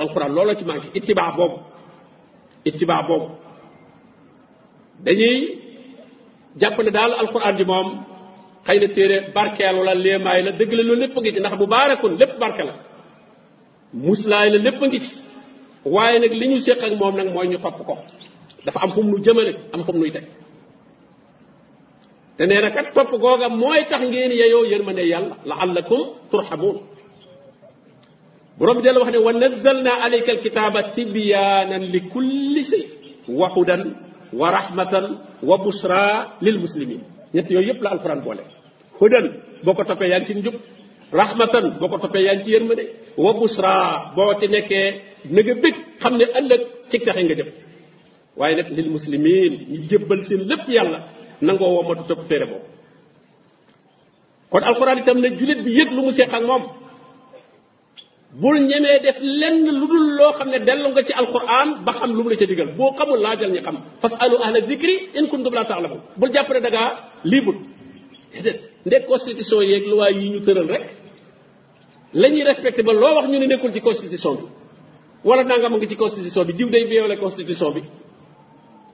alquran loolu ci manqué ittibaa boobu ittibaa boobu dañuy jàpp ne daal alquran ji moom xëy na téere barkeelu la léemaay la dëgg la loolu lépp ngi ci ndax mubaarakun lépp barke la muslaay la lépp a ngi ci waaye nag li ñu séq ak moom nag mooy ñu topp ko dafa am fu mu nu jëmale am fu nuy teg te nee na kat topp googa mooy tax ngeen yeyoo yërmande yàlla laallakum turhamuun borom del wax ne wa nazzalna alayka alkitaba tibyaanan li kulli shay wa hudan wa rahmatan wa busra lil muslimin ñett yooyu yëpp la alquran boole hudan boo ko toppee yaa ngi ci njub rahmatan boo ko toppee yaa ngi ci yërmande wa busra boo ci nekkee na nga xam ne ëllëg ci taxe nga jëm waaye nag lil muslimin ñu jébbal seen lépp yàlla nangoo womatu topp tere boobu kon alxuraan itam ne jullit bi yëg lu mu seq ak moom bul ñemee def lenn lu dul loo xam ne dellu nga ci alxuraan ba xam lu mu la ca digal boo xamul laajal ñi xam fas alu ahla zikri in kuntum la ta'lamun bul jàpp ne da ngaa libre déedéet ndeg constitution yeeg luwaay yi ñu tëral rek la ñuy respecté ba loo wax ñu ne nekkul ci constitution bi wala nangam a ngi ci constitution bi diw day violé constitution bi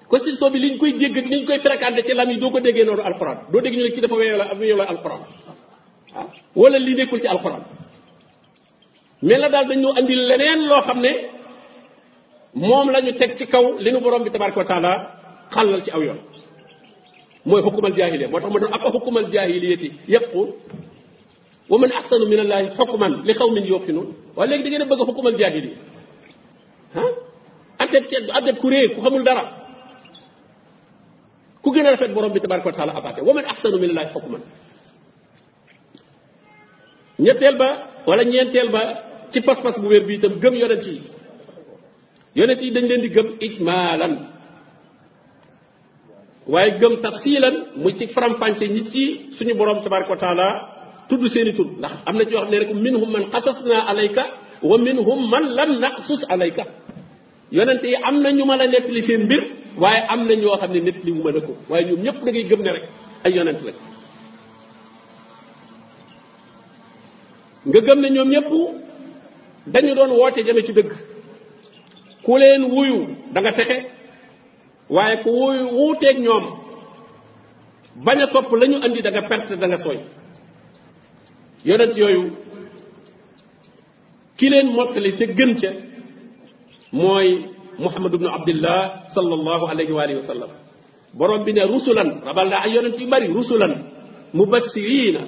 constitution bi li liñ koy dégg liñ koy fréquenté ci lam yi doo ko déggee noonu alxuraan doo dégg ñu ne kii dafa violé violé alxuraan ah wala li nekkul ci alxuraan mais na daal dañoo indi leneen loo xam ne moom lañu teg ci kaw li nu borom bi tabaraka wa taala xàllal ci aw yoon mooy xukumal jaahiliya moo tax ma doon ab xukumal jaahiliyati yëpp wa man axsanu min allahi xukuman li xaw min yuqinuun waaye léegi da ngeen a ah addab kenn addab ku réer ku xamul dara ku gën a rafet boroom bi tabaraka wa taala abaate wa man ahsanu minallahi hukman ñetteel ba wala ñeenteel ba ci pas-pas bu wér bi itam gëm yonent yi yonent yi dañ leen di gëm ijmaalan waaye gëm tafsilan mu ci faram-fànce nit yi suñu borom tabaraka wa taala tudd seeni tur ndax am na ñoo xam ne rek minhum man qasasna alayka wa minhum man lam naqsus alayka yonent yi am na ñu mën a nettali seen mbir waaye am na ñoo xam ne nettali wu mën a ko waaye ñoom ñëpp dangay ngay gëm ne rek ay yonent lañ nga gëm ne ñoom ñëpp dañu doon woote jëme ci dëgg ku leen wuyu da nga waaye ku wuyu wuuteeg ñoom bañ a topp lañu ñu danga da nga perte da nga yonent yooyu ki leen mottali te gën ca mooy muhammad ibnu abdillah sallallahu alayhi wa alihi wa sallam borom bi ne rusulan rabal naa ay yonent yu bari rusulan mubassirina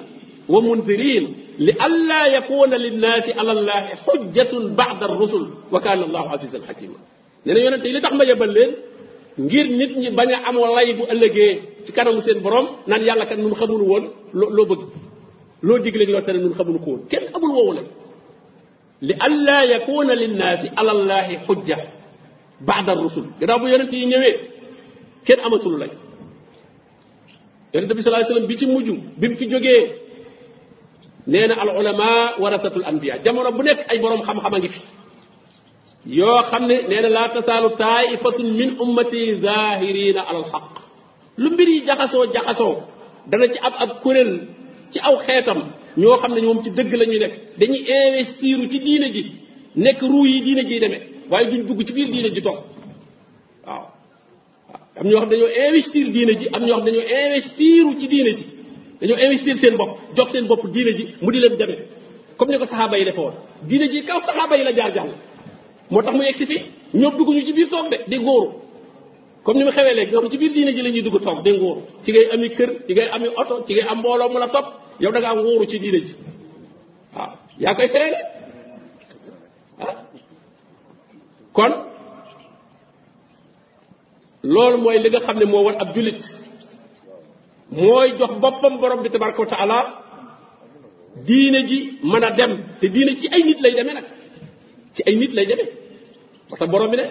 wa mundirina li allaa yakuna linnaasi ala allahi xujjatun baada rusul wa kaana allahu azizan xakima nee na yonente yi li tax ma yebal leen ngir nit ñi bañ a am lay bu ëllëgee ci kanamu seen borom naan yàlla kat nun xamunu woon loo loo bëgg loo digleeg loo tere nun xamunu ko woon kenn amul woowu nag li allaa yakuna linnaasi alallahi xujja baada rusul gannaaw bu yonent yi ñëwee kenn amatul lay yonent bi sallallahu alayhi bi ci mujj bi mu fi jógee nee na al ulama warasatul anbiya jamono bu nekk ay boroom xam-xam a fi yoo xam ne nee na laa tasaalu taifatun min ummati zahirina alal xaq lu mbir yi jaxasoo jaxasoo dana ci ab ab kuréel ci aw xeetam ñoo xam ne moom ci dëgg lañuy ñu nekk dañuy investir ci diine ji nekk ruu yi diine jiy demee waaye duñ dugg ci biir diine ji toog waaw am ñoo xam dañoo investir diine ji am ñoo xam dañoo investir ci diine ji dañoo investir seen bopp jox seen bopp diine ji mu di leen demee comme ni ko saxaaba yi defe diine ji kaw saxaaba yi la jaar jàll moo tax mu egsi fi ñoom dugguñu ci biir toog de di góoru comme ni mu xewee léegi nga xam ci biir diine ji la ñuy dugg toog di nguuru ci ngay ami kër ci ngay ami oto ci ngay am mbooloo mu la topp yow da ngaa nguuru ci diine ji waaw yaa koy freiné ah kon loolu mooy li nga xam ne moo war ab jullit mooy jox boppam borom bi tabaraka wa taala diine ji mën a dem te diine ci ay nit lay deme nag ci ay nit lay demee parce que borom bi ne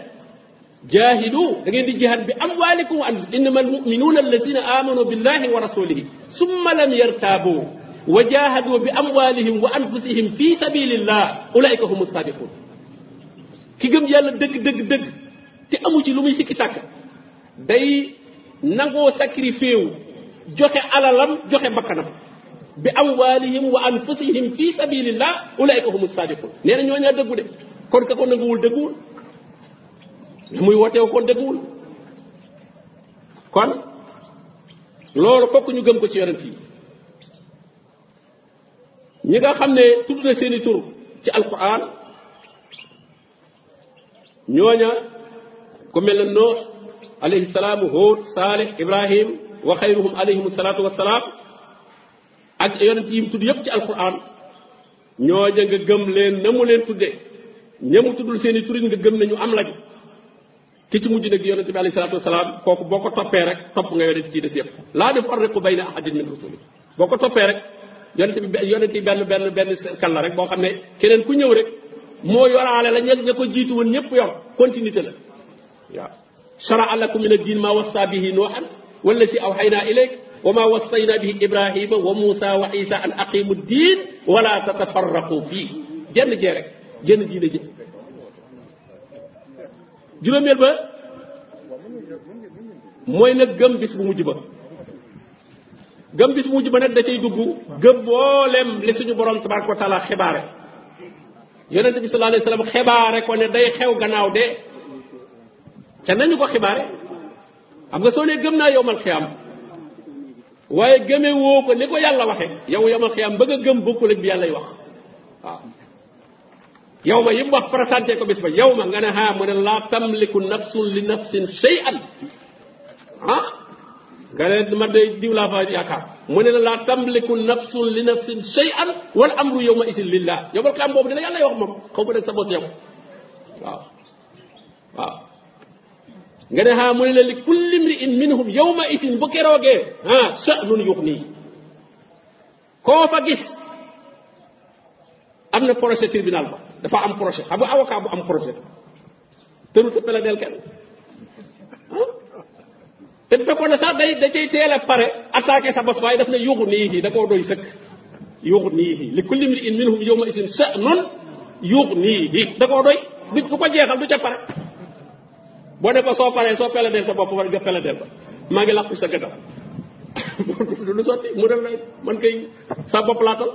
jaahidu da ngeen di jihaad bi amwaalikum wa anfusikum innama almuminuuna alladina amanu billahi wa rasulihi summa lam yartaabu wa jaahadu bi amwaalihim wa anfusihim fi sabilillah ulaika humu sadiqun ki gëm yàlla dëgg dëgg dëgg te amu ci lu muy sikki sàkk day nangoo sacrifice wu joxe alalam joxe bakkanam bi amwaalihim wa anfusihim fi sabilillah ulaika humu sadiqun nee na ñoo ñaa de kon ka ko nanguwul dëgguwul li muy wooteew kon dëgguwul loolu fokk ñu gëm ko ci yonent yi ñi nga xam ne tudd na seeni tur ci alquran ñooña ku mel ne Nuux alayhi salaam Huud Saalih Ibrahim wa xayruhum alayhim salaatu wassalaam ak yonent yi mu tudd yépp ci alquran ñooña nga gëm leen na mu leen tudde ña mu tuddul seeni turin nga gëm nañu am lañu ki ci mujj nag yonente bi alayhi salaatu wasalaam kooku boo ko toppee rek topp nga yonente ci des yëpp laa def farriqu bayna ahadin min rusuli boo ko toppee rek yonente bi yonente yi benn benn benn kàlla rek boo xam ne keneen ku ñëw rek moo yoraale la ña ña ko jiitu woon ñëpp yor continuité la waaw charaa lakum min ad-din ma wassa bihi nuuhan wallati awxayna ilayk wa ma wassayna bihi ibrahima wa muusa wa isa an aqimu ddin wala tatafarraqu fii jenn jee rek jenn diine ji juróomeel ba mooy nag gëm bis bu mujj ba gëm bis bu mujj ba nag da cay dugg gëm mboolem li suñu borom tabaraka wa taala xibaare yonente bi sallallahu alayhi xibaare ko ne day xew gannaaw de ca nañu ko xibaare xam nga soo ne gëm naa yowmal xiyaam waaye gëme woo ko ni ko yàlla waxe yow yowmal xiyaam bëgg a gëm bokkul ak bi yàllay wax waaw yow ma yim wax ko bis ba yow ma nga ne haa mu ne laa tamliku nafsun li nafsin shay'an ah nga laa fa yaakaar mu ne la laa tamliku nafsun li nafsin shay'an wal amru yow ma isin lillah yow balka am boobu dina yàlla wax moom xaw ma nekk sa bos yow waaw waaw haa mu ne la li kulli mri'in minhum yow ma isin bu keroogee ah sha'nun yuxnii koo fa gis am na projet tribunal ba dafa am projet xam nga avocat bu am projet tëru te pela del kenn ah. te bu fekkoon ne sax day da cay teel a pare attaqué sa bos waaye daf ne yuuxu nii yi da koo doy sëkk yuuxu nii yi li kulli mri in minhum yawma isin sha'nun yuuxu nii yi da koo doy du ko jeexal du ca pare boo ne soo paree soo pela del sa bopp war nga pela del ba maa ngi làqu sa gëddaw du sotti mu def na man kay sa bopp laatal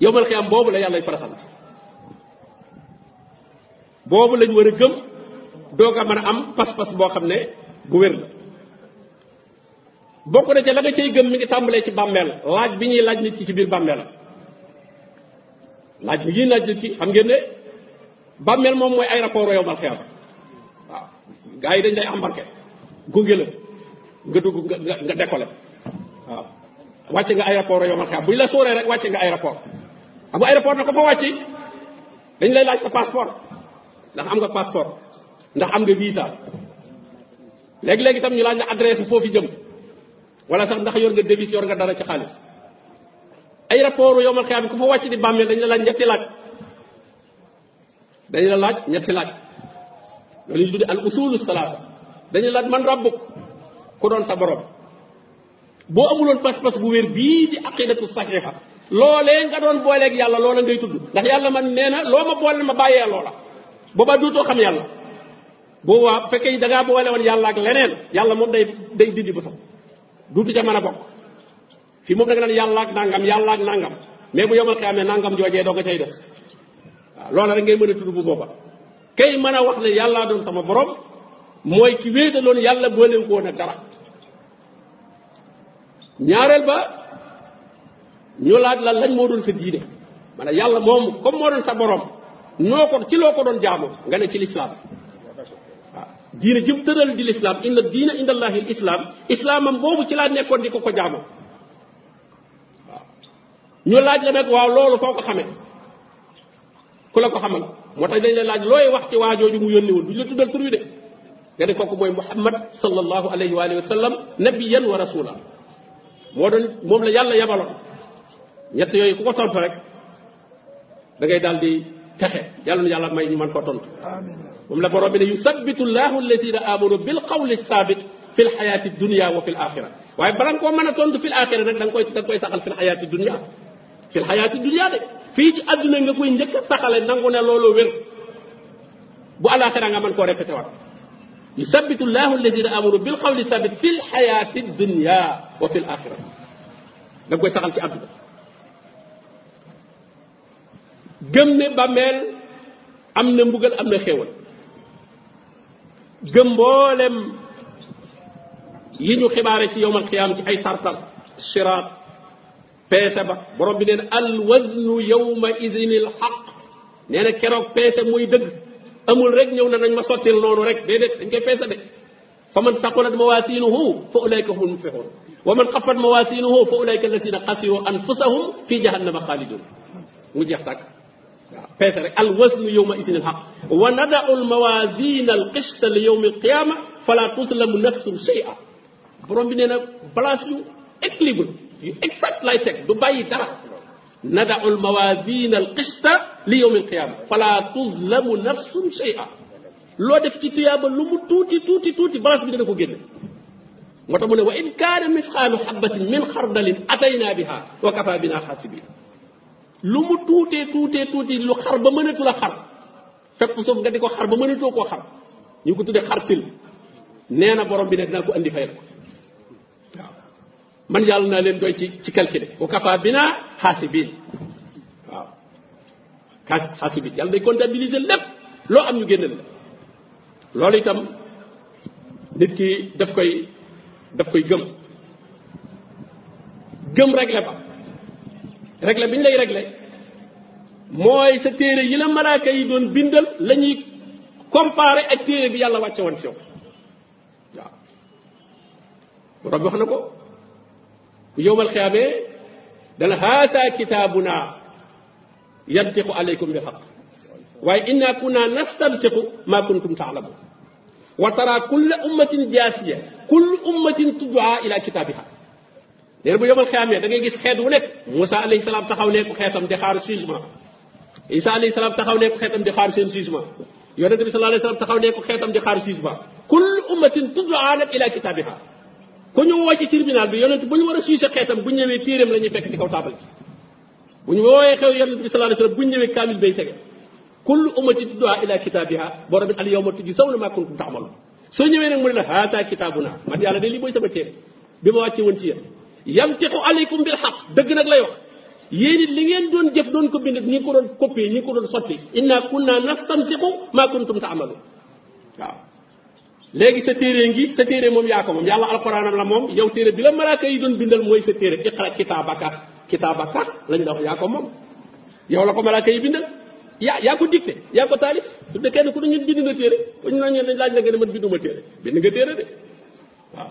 yowmal am boobu la yàlla parasant boobu lañ war a gëm doog a mën a am pas-pas boo xam ne bu wér la bokk na ca la nga cay gëm mi ngi tàmbalee ci bàmmeel laaj bi ñuy laaj nit ki ci biir bàmmeel laaj bi ñuy laaj nit ki xam ngeen bàmmeel moom mooy aéroport yow mal xeer waaw gars yi dañ lay embarqué gunge la nga dugg nga nga décollé waaw wàcce nga aéroport yow mal bu ñu la sóoree rek wàcce nga aéroport xam nga aéroport na ko fa wàcci dañ lay laaj sa passeport ndax am nga passeport ndax am nga visa léegi-léegi itam ñu laaj la adresse foofu jëm wala sax ndax yor nga devis yor nga dara ci xaalis ay rapport yomal xiyaam bi ku fa wàcc di bàmmeel dañu la laaj ñetti laaj dañu laaj ñetti laaj loolu ñu tuddi al usulu salaasa dañu laaj man rabbuk ku doon sa borom boo amuloon pas-pas bu wér bii di aqidatu saxiixa loolee nga doon booleeg yàlla loola ngay tudd ndax yàlla man nee na loo ma boole ma bàyyee loola boobaa dootoo xam yàlla boobaa fekkee da ngaa boole woon yàlla ak leneen yàlla moom day day dindi ba sax duutu ca mën a bokk fii moom da nga naan yàlla ak nangam yàlla ak nangam mais bu yomal xiyaamee nangam joojee doo nga cay des waaw loola rek ngay mën a tudd bu booba kay man a wax ne yàllaa doon sama borom mooy ki wéetaloon yàlla boolewu ko woon ak dara ñaareel ba ñu laaj la lañ moo doon sa diine maanaam yàlla moom comme moo doon sa borom noo ko ci loo ko doon jaamoo nga ne ci lislaam diina jëm tëral di lislaam inna diina inda allahi l islaam islaamam boobu ci laa nekkoon di ko ko jaamoo waaw ñu laaj la nag waaw loolu foo ko xamee ku la ko xamal moo tax dañ la laaj looy wax ci waajooju mu yónni woon duñ la tuddal tur wi de nga ne kooku mooy muhammad sallallahu alayhi wa alihi wa wa rasula moo doon moom la yàlla yabaloon ñett yooyu ku ko topp rek da ngay texe yàlla na yàlla may ñu mën koo tontu moom la borom bi ne yusabbitu llahu allazina amanu bil qawli saabit fi l xayaati dunia wa fi l axira waaye bala koo mën a tontu fi l axira nag da nga koy da nga koy saxal fi l xayaati dunia fi l xayaati dunia de fii ci adduna nga koy njëkk a saxale nangu ne loolu wér bu alaxira nga mën koo répété waat yusabbitu llahu allazina amanu bil qawli saabit fi l xayaati dunia wa fi l axira da nga koy saxal ci adduna gëm ne bàmmeel am na mbugal am na xéewal gëm mboolem yi ñu xibaare ci yowmal xiyaam ci ay tartar siraat peese ba borom bi nee na al waznu yowma isinil xaq nee na keroog peese muy dëgg amul rek ñëw na nañ ma sottil noonu rek déedéet dañ koy peese de fa man saqulat mawaasinuhu fa ulayka hum muflixuun wa man xafat mawaasinuhu fa ulayka allasina xasiru anfusahum fi jahannama xaalidun mu jeex tàkk waaw peese rek al wasnu yawma isin al xaq wa nadau al mawasina al qista li yawmi al qiyama fala tuslamu nafsun shay'a borom bi nee na balance yu équilibre yu exact lay teg du bàyyi dara nadau al mawasina al qista li yawmi al qiyama fala tuslamu nafsun shay'a loo def ci tuyaaba lu mu tuuti tuuti tuuti balance bi dana ko génne moo tax mu ne wa in kaana misqaalu xabatin min xardalin atayna biha wa kafa bina xaasibin lu mu tuutee tuutee tuuti lu xar ba mënatu la xar fépp suuf nga di ko xar ba mënatoo ko xar ñu ko tuddee xar fil nee na borom bi ne dinaa ko andi fay la ko waaw man yàlla naa leen doy ci ci calculer wa kafa bina xaasibin waaw xaasibin yàlla day comptabiliser lépp loo am ñu génneel la loolu itam nit ki daf koy daf koy gëm gëm rek la réglé bi ñu lay réglé mooy sa téere yi la malaaka yi doon bindal la ñuy comparé ak téere bi yàlla wàcce woon ci yow waaw borom bi wax na ko bu yowmal xiyaamee dana bi xaq waaye inna kunna nastabsiqu ma kuntum taalamun wa tara kulla ummatin jaasiya kull ummatin tud'a ila kitaabiha léen bu yomal xiyaamee da ngay gis xeet wu nekk Moussa alayhi salaam taxaw nekk xeetam di xaar jugement Isa alayhi salaam taxaw nekk xeetam di xaar seen jugement yonente bi sallallahu alayhi salaam taxaw nekk xeetam di xaar jugement kullu ummatin tud'a nag ila kitaabiha ku ñu woo ci tribunal bi yonent bu ñu war a juger xeetam bu ñu ñëwee téeréem la ñuy fekk ci kaw taabal ci bu ñu woowee xew yonent bi sallallahu alayhi salaam bu ñu ñëwee kaamil bay tege kullu ummatin tud'a ila kitaabiha borom al yawma tujzawna ma kuntum ta'malun soo ñëwee nag mu ne la haata kitaabuna man yàlla de lii mooy sama téere bi ma wàccee woon ci yéen yamtixu aleykum bil xaq dëgg nag lay wax yéen it li ngeen doon jëf doon ko bind ko doon ñi ko doon sotti inna kunna nastansixu ma kuntum taamalu waaw léegi sa téere ngi sa téere moom yaa yàlla alquranam la moom yow téere bi la malaaka yi bindal mooy sa téere iqra kitaabaka kitaabaka lañ la wax yow la ko malaaka yi bindal yaa ko dicté yaa ko taalif su dee kenn ku ñu naan laaj la nga ne man binduma téere bind nga téere de waaw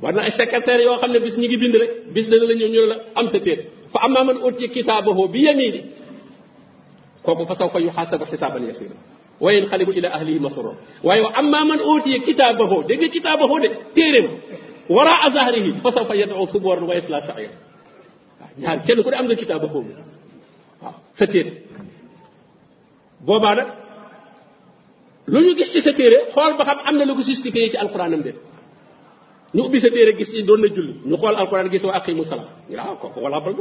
war na ay secrétaire yoo xam ne bis ñu ngi bind rek bis dana la am sa téere fa amma man utiya kitaabahu bi yamini ko fa sawfa yuxaasabu xisaaban yasira wa yanqalibu ila ahlihi masrura waaye wa amma man utiya kitaabahu dégg nga kitaabahu de téeréem waraa zahrihi fa sawfa yad'u suburan wa yasla sa'ira waaw ñaar kenn ku ne am nga kitaabahu bi waaw sa téere boobaa nag lu ñu gis ci sa téere xool ba xam am na lu ko justifié ci alquran ñu ubbi sa téere gis doon na julli ñu xool alquran gis wa aqimu sala ñu ah kooku wala bal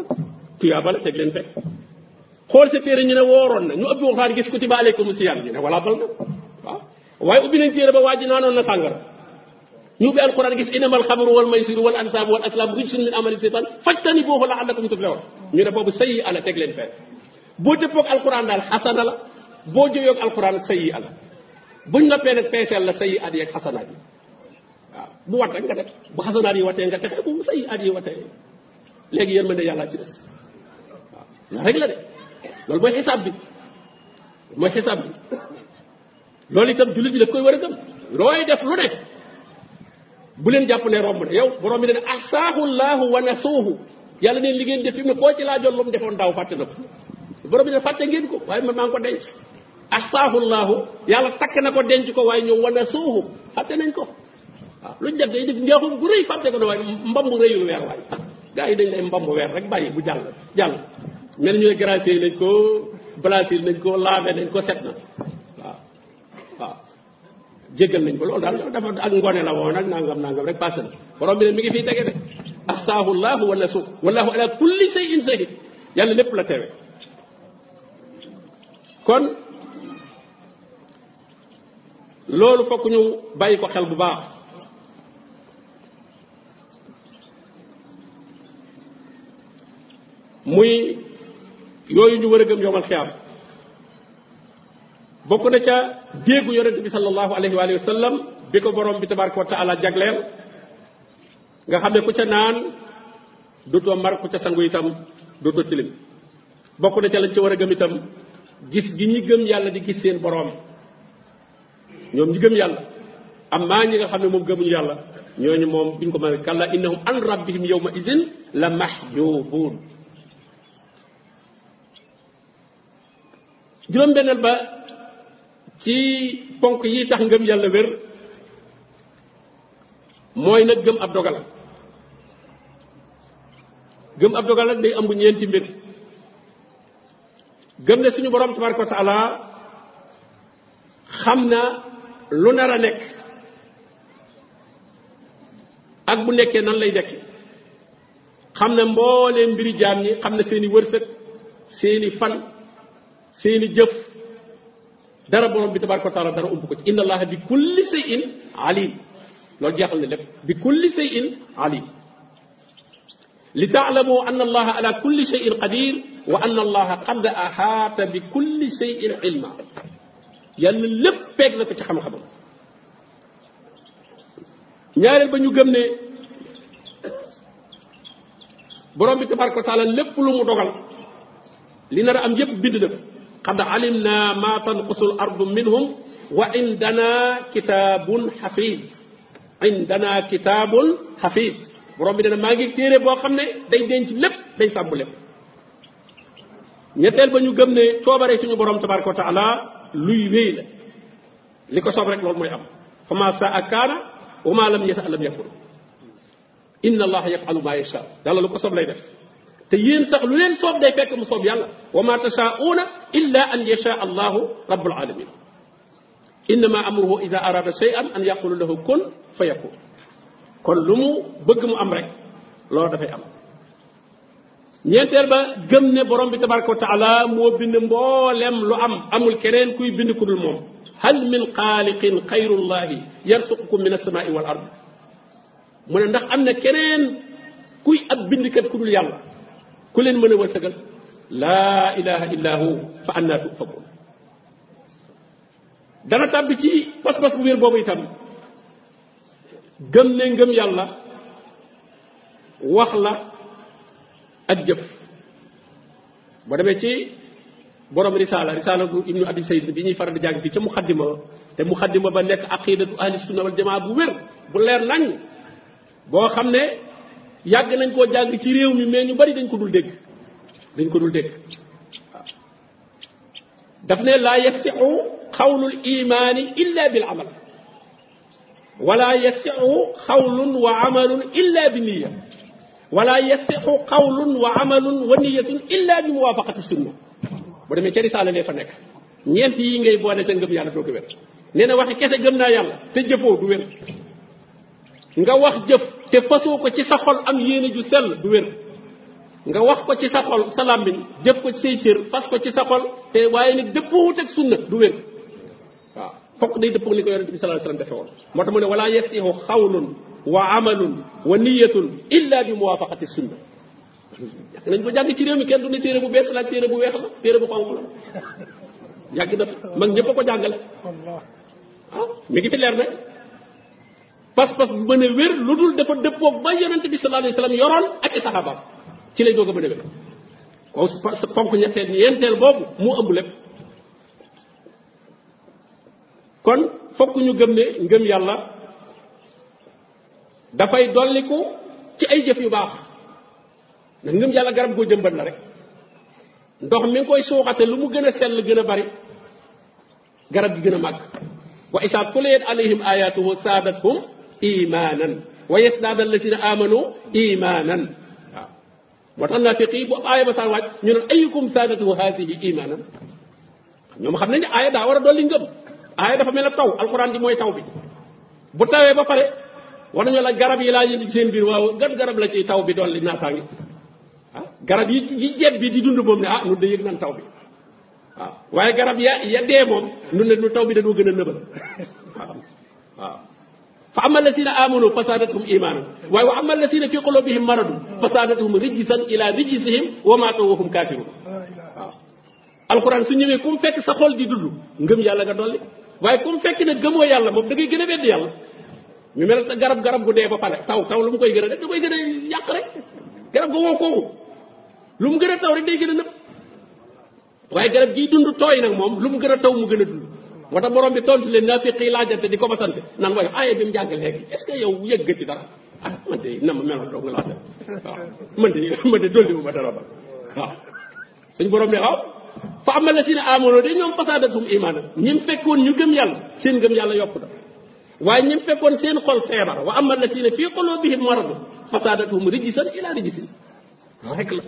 la teg leen teg xool sa ñu ne wooroon na ñu ubbi alquran gis kutiba aleykum siyam ñu ne wala bal la waaw waaye ubbi nañ téere ba waa naa naanoon na sàngara ñu ubbi alquran gis inamal xamru wal maysiru wal ansaabu wal aslaam rijsun min amali seytaan fajtani boobu la àllakum tuflihun ñu ne boobu sayi ala teg leen fee boo dëppoog alquran daal xasana la boo jóyoog alquran sayi ala buñ noppee nag la sayi at yeeg waaw bu wat rek nga teg bu xasanaat yi watee nga teg bu say at yi watee léegi yërmande yàlla ci des waaw rek la de loolu mooy xisaab bi mooy xisaab bi loolu itam jullit bi daf koy war a gëm looy def lu ne bu leen jàpp ne romb yow borom bi ne ahsaahu laahu wa nasuuhu yàlla ne li def fi mu koo ci laajoon lu mu defoon daaw fàtte na ko borom bi ne fàtte ngeen ko waaye man maa ngi ko denc ahsaahu laahu yàlla takk na ko denc ko waaye ñëw wane nasuuhu fàtte nañ ko waaw luñ def day def njeexum bu rëy fàtte ko ne waaye mbambu rëyul rek bàyyi bu jàll jàll mel ñu ne gracier ko blanchir ko laver nañ nañ ko loolu daal dafa ak ngone la woon nag nangam nangam rek passé na borom bi ne mi ngi fiy tege de ahsaahu llahu wala su wallahu ala kulli shay'in shahid yàlla lépp la tewe kon loolu fokk ñu bàyyi ko xel bu baax muy yooyu ñu wër a gëm yowmal xiyaam bokk na ca déggu yonente bi sallallahu alayhi wa sallam bi ko borom bi tabaraka wa taala jagleel nga xam ne ku ca naan du doo mar ku ca sangu itam du doo tilim bokk na ca lañ ca war a gëm itam gis gi ñi gëm yàlla di gis seen boroom ñoom ñi gëm yàlla amma ñi nga xam ne moom gëmuñu yàlla ñooñu moom duñ ko mën a kàlla innahum an rabbihim yawma izin la mahjubuun juróom-benneel ba ci ponk yi tax ngëm yàlla wér mooy nag gëm ab dogal gëm ab dogal nag day ëmb ñeenti mbir gëm ne suñu borom tabaraka wa xam na lu nar a nekk ak bu nekkee nan lay nekke xam na mboolee mbiri jaam ñi xam na seeni wërsëg seeni fan seeni jëf dara borom bi tabaraka wa taala dara ump ko ci inna allaha bi kulli shay'in alim loolu jeexal na lépp bi kulli shay'in alim li taalamu anna allaha ala kulli shay'in qadir wa anna allaha qad ahaata bi kulli shay'in ilma yàlla lépp peeg na ko ci xam-xamam ñaareel ba ñu gëm ne borom bi tabaraka wa taala lépp lu mu dogal li nar a am yépp bind na ko qad alimna ma tanqusu l ardu minhum wa indana kitaabun xafiz indana kitaabun xafiz borom bi nee na maa ngi téere boo xam ne day denc lépp day sàmm lépp ñetteel ba ñu gëm ne coobare suñu borom tabaraka wa taala luy wéy la li ko soob rek loolu mooy am fa ma saa kaana wa ma lam yasa lam yakun inna allaha yafalu ma yasha yàlla lu ko soob lay def te yéen sax lu leen soob day fekk mu soob yàlla wa ma tashaauna illa an an yaqulu lahu kun fa yakun kon lu mu bëgg mu am rek loolu dafay am ba gëm ne bi tabaraka wa taala moo bind mboolem lu am amul keneen kuy bind ku dul moom hal min xaaliqin ndax am na keneen kuy ab bindkat ku dul ku leen mën a wërsëgal laa ilaha illa hu fa anna dana tàbbi ci pas-pas bu wér boobu itam gëm ne ngëm yàlla wax la ak jëf ba demee ci borom risaala risaala bu ibnu abi sayd bi ñuy faral di jàng fii ca muxaddima te muxaddima ba nekk aqidatu ahli sunna wal bu wér bu leer nañ boo xam ne yàgg nañ koo jàng ci réew mi mais ñu bari dañ ko dul dégg ko dul dégg waaw daf ne laa yasixu xawlul imaani illa bil amal wala yasixu xawlun wa amalun illa bi niya wala yasixu xawlun wa amalun wa niyatun illa bi muwaafaqati sunna bu demee ca risaala lee fa nekk ñeent yi ngay boole sa ngëm yàlla doo ko wér nee na waxe kese gëm naa yàlla te jëfoo du wér nga wax jëf te fasoo ko ci sa xol am yéene ju sell du wér nga wax ko ci sa xol sa làmmiñ jëf ko ci say cër fas ko ci sa xol te waaye nag dëppoowut ak sunna du wér waaw fokk day dëppoo ni ko yonente bi sallallahu alayhi wasallam defe woon moo tax mu ne wala yasihu xawlun wa amalun wa niyatun illa bi muwafaqati sunna yàgg nañ ko jàng ci réew mi kenn du ne téere bu bees la téere bu weex la téere bu xonq la yàgg na mag ñëpp ko jàngale ah mi ngi fi leer na pas-pas bu mën a wér lu dul dafa dëppoo ba yonente bi sallallahu alayhi wa sallam yoroon ak i saxaabaam ci lay doog a mën kon ponk ñetteel ñeenteel boobu mu ëmb lépp kon fokk ñu gëm ngëm yàlla dafay dolliku ci ay jëf yu baax ndax ngëm yàlla garab goo jëmbat la rek ndox mi ngi koy suuxate lu mu gën a sell gën a bari garab gi gën a màgg wa isaa tuliyat alayhim ayatuhu saadathum imaanan wa yasdaada allazina amanu imaanan waaw moo tax naafiq yi bu aaya ba saan waaj ñu naan ayukum saadatu haasihi imaanan ñoom xam nañ ne aaya daa war a li ngëm aaya dafa mel ne taw alquran bi mooy taw bi bu tawee ba pare war nañu la garab yi laa yëngu ci seen biir waaw gan garab la ci taw bi dolli naataange ah garab yi ci jeeb bi di dund moom ne ah nun de yëg nan taw bi waaw ah, waaye garab ya ya dee moom nun ne nu taw bi dañoo gën a nëbal fa ama alladina amanu fa saadathum imaanan waaye wa ama alladina fi qulubihim maradun fa saadathum rijsan ila rijsihim wa maatu wa hum kafirun waaw alquran su ñëwee ku mu fekk sa xol di dund ngëm yàlla nga dolli waaye ku mu fekk ne gëmoo yàlla moom dangay gën a wedd yàlla ñu mel sa garab garab gu dee ba pare taw taw lu mu koy gën a def da koy gën a yàq rek garab ga woo kooku lu mu gën a taw rek day gën a nëb waaye garab gi dund tooy nag moom lu mu gën a taw mu gën a dund moo tax borom bi tontu leen naafiq yi laajante di ko ba sant naan waaye aaya bi mu jàng léegi est ce que yow yëg nga dara ah man de na ma meloon doog nga laa def waaw man de man de dolliwu ma dara ba waaw suñ borom ne waaw fa ama la si ne amono de ñoom fasaadatum imaana ñim fekkoon ñu gëm yàlla seen gëm yàlla yokku na waaye ñim fekkoon seen xol feebar wa ama la si ne fii qulubihim maradu fasaadatum rijisan ila rijisin rek la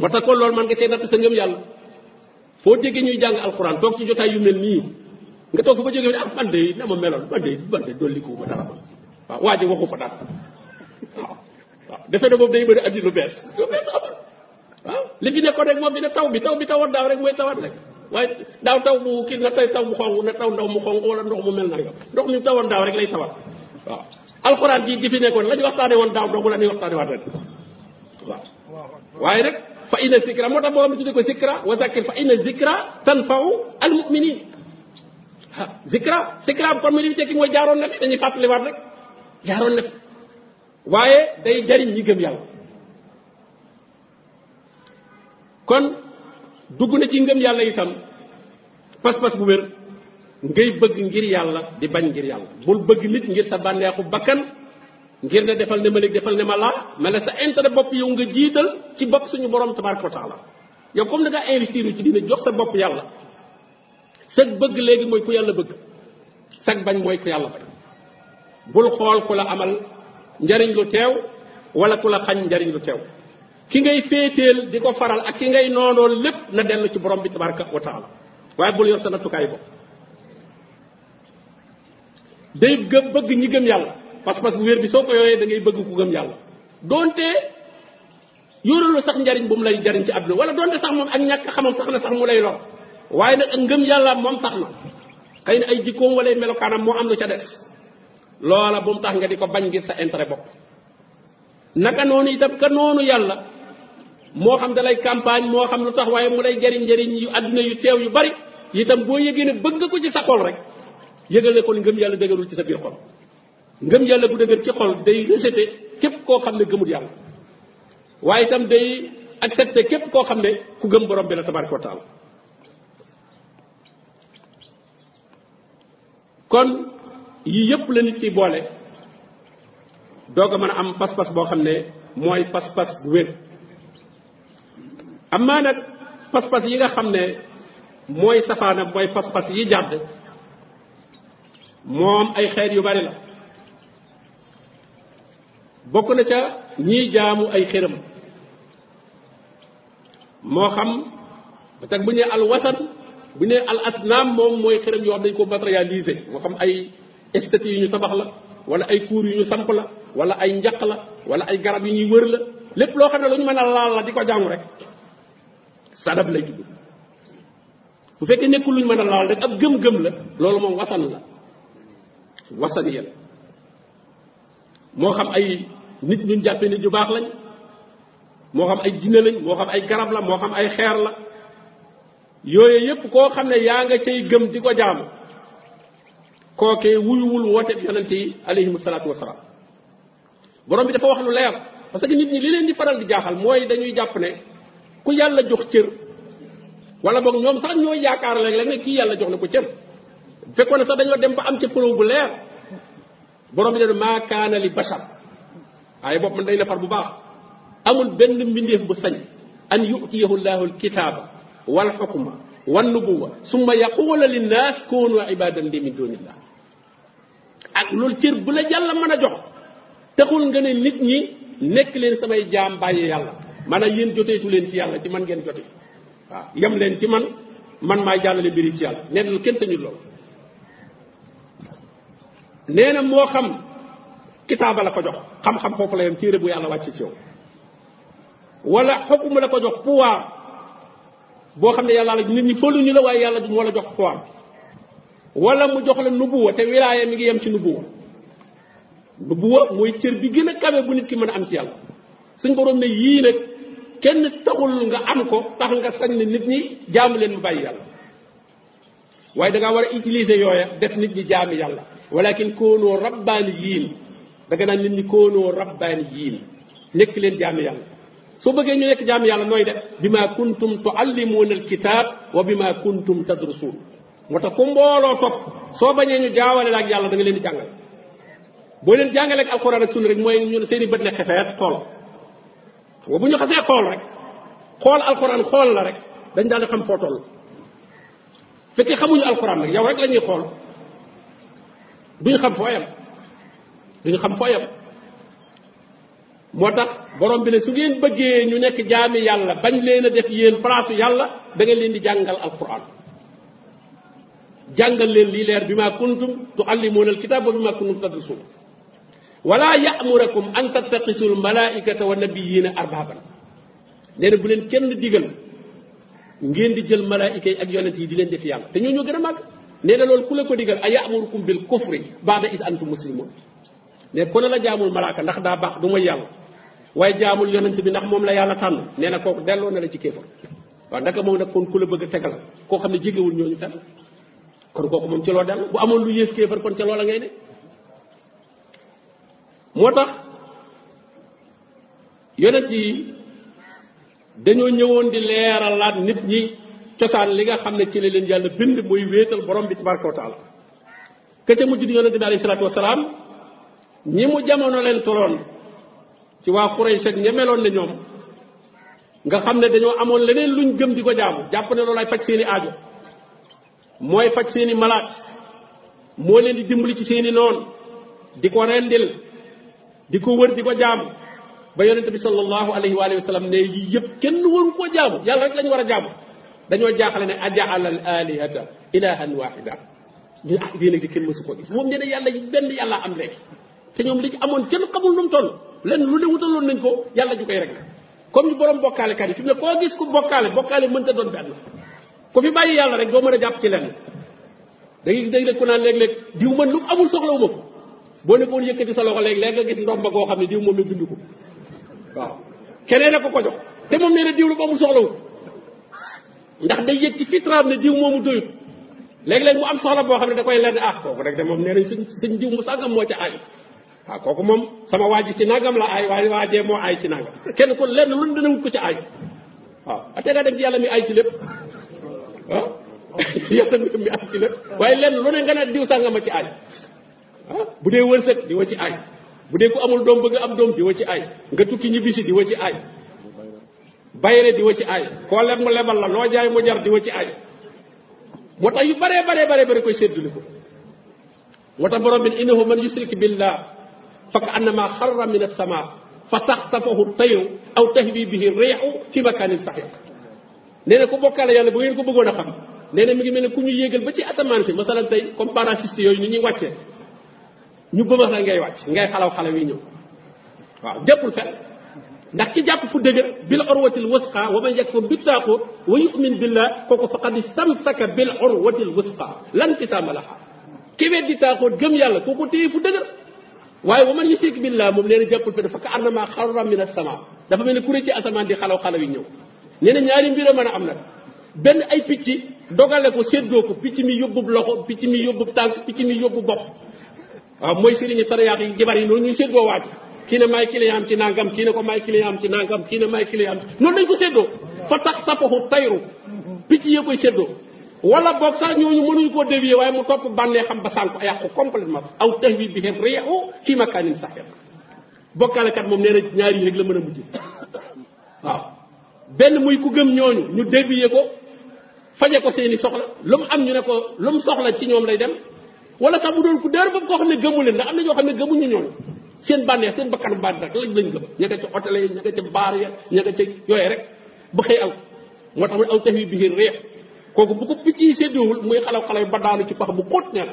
moo tax kon loolu man nga cee natt sa yàlla boo déggee ñuy jàng alxuraan toog ci jotaay yu mel nii nga toog ba jógee ah man de na ma meloon man de man de dolliku ma dara ma waaw waa ji waxu fa dara waaw defe na moom day mën a andi lu bees li fi nekkoon rek moom bi ne taw bi taw bi tawoon daaw rek mooy tawaat rek waaye daaw taw bu kii nga tey taw bu xonq na taw ndaw mu xonq wala ndox mu mel nanga ndox mi tawoon daaw rek lay tawat waaw alxuraan ji di fi nekkoon la ñu waxtaane woon daaw dong la ñuy waxtaane waat ren fa inna zikra moo tax borom bi tudde ko zikra wa zakir fa inna zikra tanfau al muminin ah zikra zikra bu kon mu li tekki mooy jaaroon na fi dañuy fàttaliwaat rek jaaroon na fi waaye day jariñ ñi gëm yàlla kon dugg na ci ngëm yàlla itam pas-pas bu wér ngay bëgg ngir yàlla di bañ ngir yàlla bul bëgg nit ngir sa bànneexu bakkan ngir ne defal ne ma léegi defal ne ma laa ma ne sa intere bopp yow nga jiital ci bopp suñu borom tabaraka wa taala yow comme da ngaa investir ci dina jox sa bopp yàlla sag bëgg léegi mooy ku yàlla bëgg sag bañ mooy ku yàlla bañ bul xool ku la amal njariñ lu teew wala ku la xañ njariñ lu teew ki ngay féeteel di ko faral ak ki ngay noonool lépp na dellu ci borom bi tabaraka wa taala waaye bul yor sa nattukaay bopp day gëm bëgg ñi gëm yàlla pas-pas bu wér bi soo ko yooyee da ngay bëgg ku gëm yàlla donte yóoralu sax njariñ bu mu lay jariñ ci àdduna wala donte sax ak ñàkk xamam sax na sax mu lay lor waaye nag ak ngëm yàlla moom sax na xëy na ay jikkoom wala melokaanam moo am lu ca des loola bu mu ko bañ ngir sa intérêt bopp naka noonu itam ka noonu moo xam da lay campagne moo xam lu tax waaye mu lay jariñ njariñ yu àdduna yu teew yu bari itam boo yëgee bëgg nga ko ci sa xol rek yëgal ne kon ngëm yàlla dëgërul ci sa biir xol ngëm yàlla bu dëgër ci xol day rejeté képp koo xam ne gëmul yàlla waaye itam day accepté képp koo xam ne ku gëm borom bi la tabaraka wa kon yii yëpp la nit ci boole doog a mën a am pas-pas boo xam ne mooy pas-pas bu wér amaa nag pas-pas yi nga xam ne mooy safaana mooy pas-pas yi jàdd moom ay xeet yu bari la bokk na ca ñiy jaamu ay xërëm moo xam ba bu ñu nee al wasan bu ñu al asnaam moom mooy xërëm yoo xam dañu ko matérialiser moo xam ay statues yu ñu tabax la wala ay kuur yu ñu samp la wala ay njaq la wala ay garab yu ñuy wër la lépp loo xam ne lu ñu mën a laal la di ko jaamu rek sadaf lay tudd bu fekkee nekkul lu ñu mën a laal rek ab gëm-gëm la loolu moom wasan la wasan ya la moo xam ay. nit ñun jàppee nit ñu baax lañ moo xam ay jinne lañ moo xam ay garab la moo xam ay xeer la yooyu yëpp koo xam ne yaa nga cay gëm di ko jaamu kookee wuyuwul woote yonente yi alayhimu salaatu wasalaam borom bi dafa wax lu leer parce que nit ñi li leen di faral di jaaxal mooy dañuy jàpp ne ku yàlla jox cër wala boog ñoom sax ñooy yaakaar léeg-léeg ne kii yàlla jox na ko cër fekkoon ne sax dañoo dem ba am ci preuve bu leer borom bi ne maa kaana waaye bopp man day nafar bu baax amul benn mbindeef bu sañ an yutiyahu llahu alkitaaba walxukma wannubuwa summa yaquula linnaas koonu ibadan li min dunillah ak loolu cër bu la yàlla mën a jox taxul nga ne nit ñi nekk leen samay jaam bàyyi yàlla maanaam yéen joteetu leen ci yàlla ci man ngeen jote waaw yem leen ci man man maay jàllale mbiri ci yàlla nee na kenn sañul loolu nee moo xam kitaaba la ko jox xam-xam foofu la yem téere bu yàlla wàcce ci yow wala xukuma la jox pouvoir boo xam ne yàlla la nit ñi fëlu ñu la waaye yàlla duñu wala jox pouvoir wala mu jox la nubuwa te mi ngi yem ci nubuwa nubuwa mooy cër bi gën a bu nit ki mën a am ci yàlla suñ borom ne yii nag kenn taxul nga am ko tax nga sañ ne nit ñi jaamu leen mu bàyyi yàlla waaye da war a utiliser yooya def nit ñi jaami yàlla walakin koonoo rabbaani yiin danga naan ni ñi koonoo rabbaani yiin nekk leen jaami yàlla soo bëggee ñu nekk jaami yàlla nooy def bi ma kuntum tuallimuuna alkitab wa bi ma kuntum tadrusuun moo tax ku mbooloo topp soo bañee ñu jaawale la yàlla da nga leen di jàngal boo leen jàngaleek ak alquran ak sunna rek mooy ñu seeni seen i bët ne xefeet xool xam nga bu ñu xasee xool rek xool alquran xool la rek dañ daan di xam foo toll fekkee xamuñu alquran rek yow rek la xool duñ xam foo yam duñu xam fooyam moo tax borom bi ne su ngeen bëggee ñu nekk jaami yàlla bañ leen a def yéen palaasu yàlla da ngeen leen di jàngal alquran jàngal leen lii leer bi ma kuntum tuallimuuna alkitaaba bi ma kuntum tadrusuun wala yamurakum an tattaqisul malaikata wa nabiyiina arbaaban nee na bu leen kenn digal ngeen di jël malaayika yi ak yonent yi di leen def yàlla te ñoo ñoo gën a màgg nee loolu ku la ko digal a yamurukum bil kufri baada is antum muslimun mais ku ne la jaamul malaaka ndax daa baax du mooy yàlla waaye jaamul yonent bi ndax moom la yàlla tànn nee na kooku delloo na la ci kéefar waaw ndaka moom nag kon ku la bëgg a tegal koo xam ne jégewul ñooñu fenn kon kooku moom ci loo dellu bu amoon lu yées kéefar kon ca loola ngay ne moo tax yonent yi dañoo ñëwoon di leeralaat nit ñi cosaan li nga xam ne ci la leen yàlla bind muy wéetal borom bi tabaraka wa taala ka ca mujj di yonent bi alayhi salaatu wasalaam ñi mu jamono leen toloon ci waa Quraysh ak ña meloon ne ñoom nga xam ne dañoo amoon leneen luñ gëm di ko jaamu jàpp ne loolaay faj seeni aajo mooy faj seeni malaat moo leen di dimbali ci seeni noon di ko rendil di ko wër di ko jaamu ba yonente bi sallallahu alayhi wa sallam ne yëpp kenn waru koo jaamu yàlla rek lañu war a jaamu dañoo jaaxale ne ajaala al alihata ilahan wahida ñu ah lii nag di kenn mësu ko moom ne ne yàlla yi benn yàlla a léegi te ñoom li ñu amoon kenn xamul nu mu toll lenn lu ne wutaloon nañ ko yàlla ju koy rek comme ñu borom bokkaalekat yi fi mu ne koo gis ku bokkaale bokkaale mënta doon benn ku fi bàyyi yàlla rek doo a jàpp ci lenn da ngay dégg ku naan léeg lu amul soxlawu ma boo nekkoon yëkkati sa loxo léegi léegi nga gis ndomba goo xam ne diw moom la bind ko waaw keneen a ko ko jox te moom nee na diw lu amul soxlawu ndax day yëg ci fitraam ne diw moomu doyut léeg-léeg mu am soxla boo xam ne da koy lenn ah kooku rek de moom nee nañ suñ suñ diw mu sàngam moo ca aaju waaw ah, kooku moom sama waa ji ci nangam la ay waaye waajee moo ay ci nangam kenn kon lenn lu dinañ ko ci aay waaw ate nga dem ci yàlla mi aay ci lépp ah yàlla mi aay ci waaye lenn lu ne nga ne diw sàngama ci aay ah, bu dee wërsëg di wa ci aay bu dee ku amul doom bëgg am doom di wa ci ay nga tukki ñibbisi di ci aay bayre di wa ci aay koo leb mu lebal la loo jaay mu jar di wa ci aay moo tax yu baree baree baree bare koy séddali ko moo tax borom bi innahu man yushrik billah fa ka annama xarra min alsama fa taxtafahu tayru aw tahwi bihi riixu fi makanin saxiq nee na ku bokkaale yàlla boo ngeen ko bëggoon a xam nee na mi ngi mel ne ku ñu yéegal ba ci asamaan si masalan tey comme parachutiste yooyu ni ñuy wàccee ñu bëmax la ngay wàcc ngay xalaw xalaw yi ñëw waaw jàppul ndax ci jàpp fu dëgër bil urwatil wusqa wa man yakfur bi taaqut wa yu'min billah kooku faqad istamsaka bil urwatil wusqa lan fisaama laha ki weddi taaqut gëm yàlla kooku téye fu dëgër waaye wa man yushrik billah moom nee na jàppul fi dafa ka annama xarra min as-sama dafa mel ni kuré ci asamaan di xalaw xalaw yi ñëw nee na ñaari mbir a mën a am nag benn ay picc dogale ko seddoo ko picc mi yóbbub loxo picc mi yóbbub tànk picc mi yóbbu bopp waaw mooy sëriñu tariyaax yi jabar yi noonu ñuy séddoo waaj kii ne maay client am ci nangam kii ne ko maay client am ci nangam kii ne maay client am noonu lañ ko séddoo fa tax tapaxu tayru picc yee koy séddoo wala boog sax ñooñu mënuñu koo dévier waaye mu topp bànnee xam ba sànk yàqu complètement aw tahwi bihim riyahu fi makaanin saxiir bokkaalekat moom nee na ñaar yi rek la mën a mujj waaw benn muy ku gëm ñooñu ñu dévier ko faje ko seeni soxla lu mu am ñu ne ko lu mu soxla ci ñoom lay dem wala sax mu doon ku dër boobu koo xam ne gëmu leen ndax am na ñoo xam ne ñu ñooñu seen bànneex seen bakkanu bànneex rek lañ lañ gëm ña nga ca hôtel ya ña nga ca baar ya ña nga ca yooye rek ba xëy al moo tax mu ne aw tahwi kooku bu ko picc yi séddoowul muy xalaw xalaw ba daanu ci pax bu xóot ne la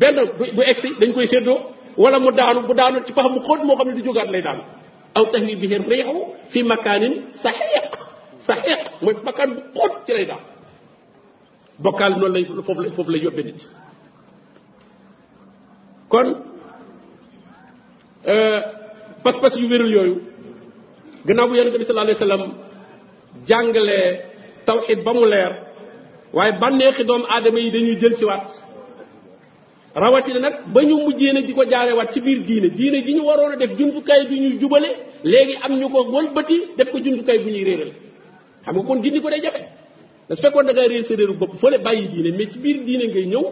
benn bu egsi dañ koy séddoo wala mu daanu bu daanu ci pax bu xóot moo xam ne du jógaat lay daanu aw tahwi bihi riihu fi makaanin saxiiq saxiiq mooy makaan bu xóot ci lay daan bokkaal noonu lay foofu la foofu la yóbbe nit kon euh, pas-pas yu wérul yooyu gannaaw bu yonente bi sallallahu alayhi wa sallam jàngale tawxid ba mu leer waaye bànneexi doomu aadama yi dañuy jël si waat rawatina nag ba ñu mujjee nag di ko jaare waat ci biir diine diine gi ñu waroon a def jumtukaay bi ñuy jubale léegi am ñu ko wëlbati def ko jumtukaay bu ñuy réeral xam nga kon gindi ko day jafe da su fekkoon da ngay réer sa réeru bopp fële bàyyi diine mais ci biir diine ngay ñëw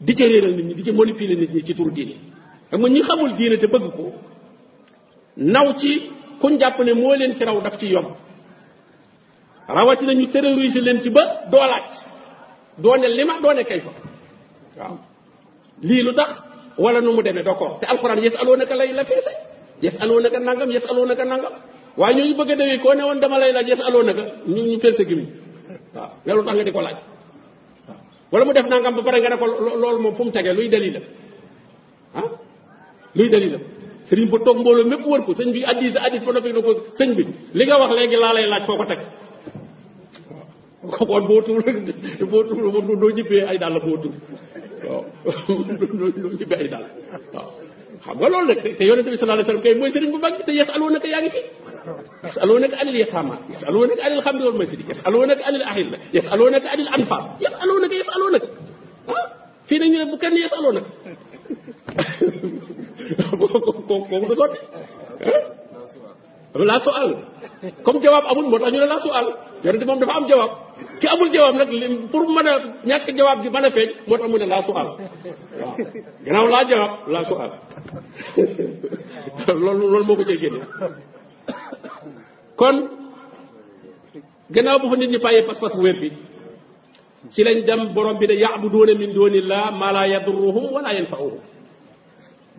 di ca réeral nit ñi di ca manipuler nit ñi ci turu diine xam nga ñi xamul diine te bëgg ko naw ci kuñ jàpp ne moo leen ci raw daf ci yomb rawatina ñu terroriser leen ci ba doo laaj doo ne li ma doo ne kay fa waaw lii lu tax walla nu mu demee doo ko te alxuraan yes aloo naka lay la feese yes aloo naka nangam yes aloo naka nangam waaye ñooñu bëgg a dewee koo ne woon dama lay laaj yes aloon naka ñu ñu feese gimiñ waaw nga lu tax nga di ko laaj waaw wala mu def nangam ba pare nga ne ko loolu moom fu mu tegee luy dalil la ah luy dalil la sëriñ ba toog mbooloo mépp wër ko sëñ bi addis addis ba noppi na ko sëñ bi li nga wax léegi laa lay laaj foo teg kon boo tuur boo tuur doo ñibbee ay dàll boo tuur waaw doo ñibbee ay dàll waaw xam nga loolu nag te yonente bi sallallahu alayhi wasallam kay mooy sëriñ bu mag te yes aloo naka yaa ngi fi yes aloo naka anil yatama yes aloo naka anil xam loolu mooy sëriñ yes aloo naka anil ahilla yes aloo naka anil anfal yes aloo naka yes aloo naka ah fii nañu ne bu kenn yes aloo naka kooku du sotti la soal comme jawaab amul moo tax ñu ne la soal yonente moom dafa am jawaab ki amul jawaab nag pour mën a ñàkk jawaab gi man a feeñ moo tax mu ne laa sual waaw gannaaw laa jawaab laa sual loolu loolu moo ko cee génne kon gannaaw bu fa nit ñi bàyyee pas-pas bu wér bi ci lañ dem borom bi ne yaabuduuna min duunillah maa laa yadurruhum wala yanfa'uhum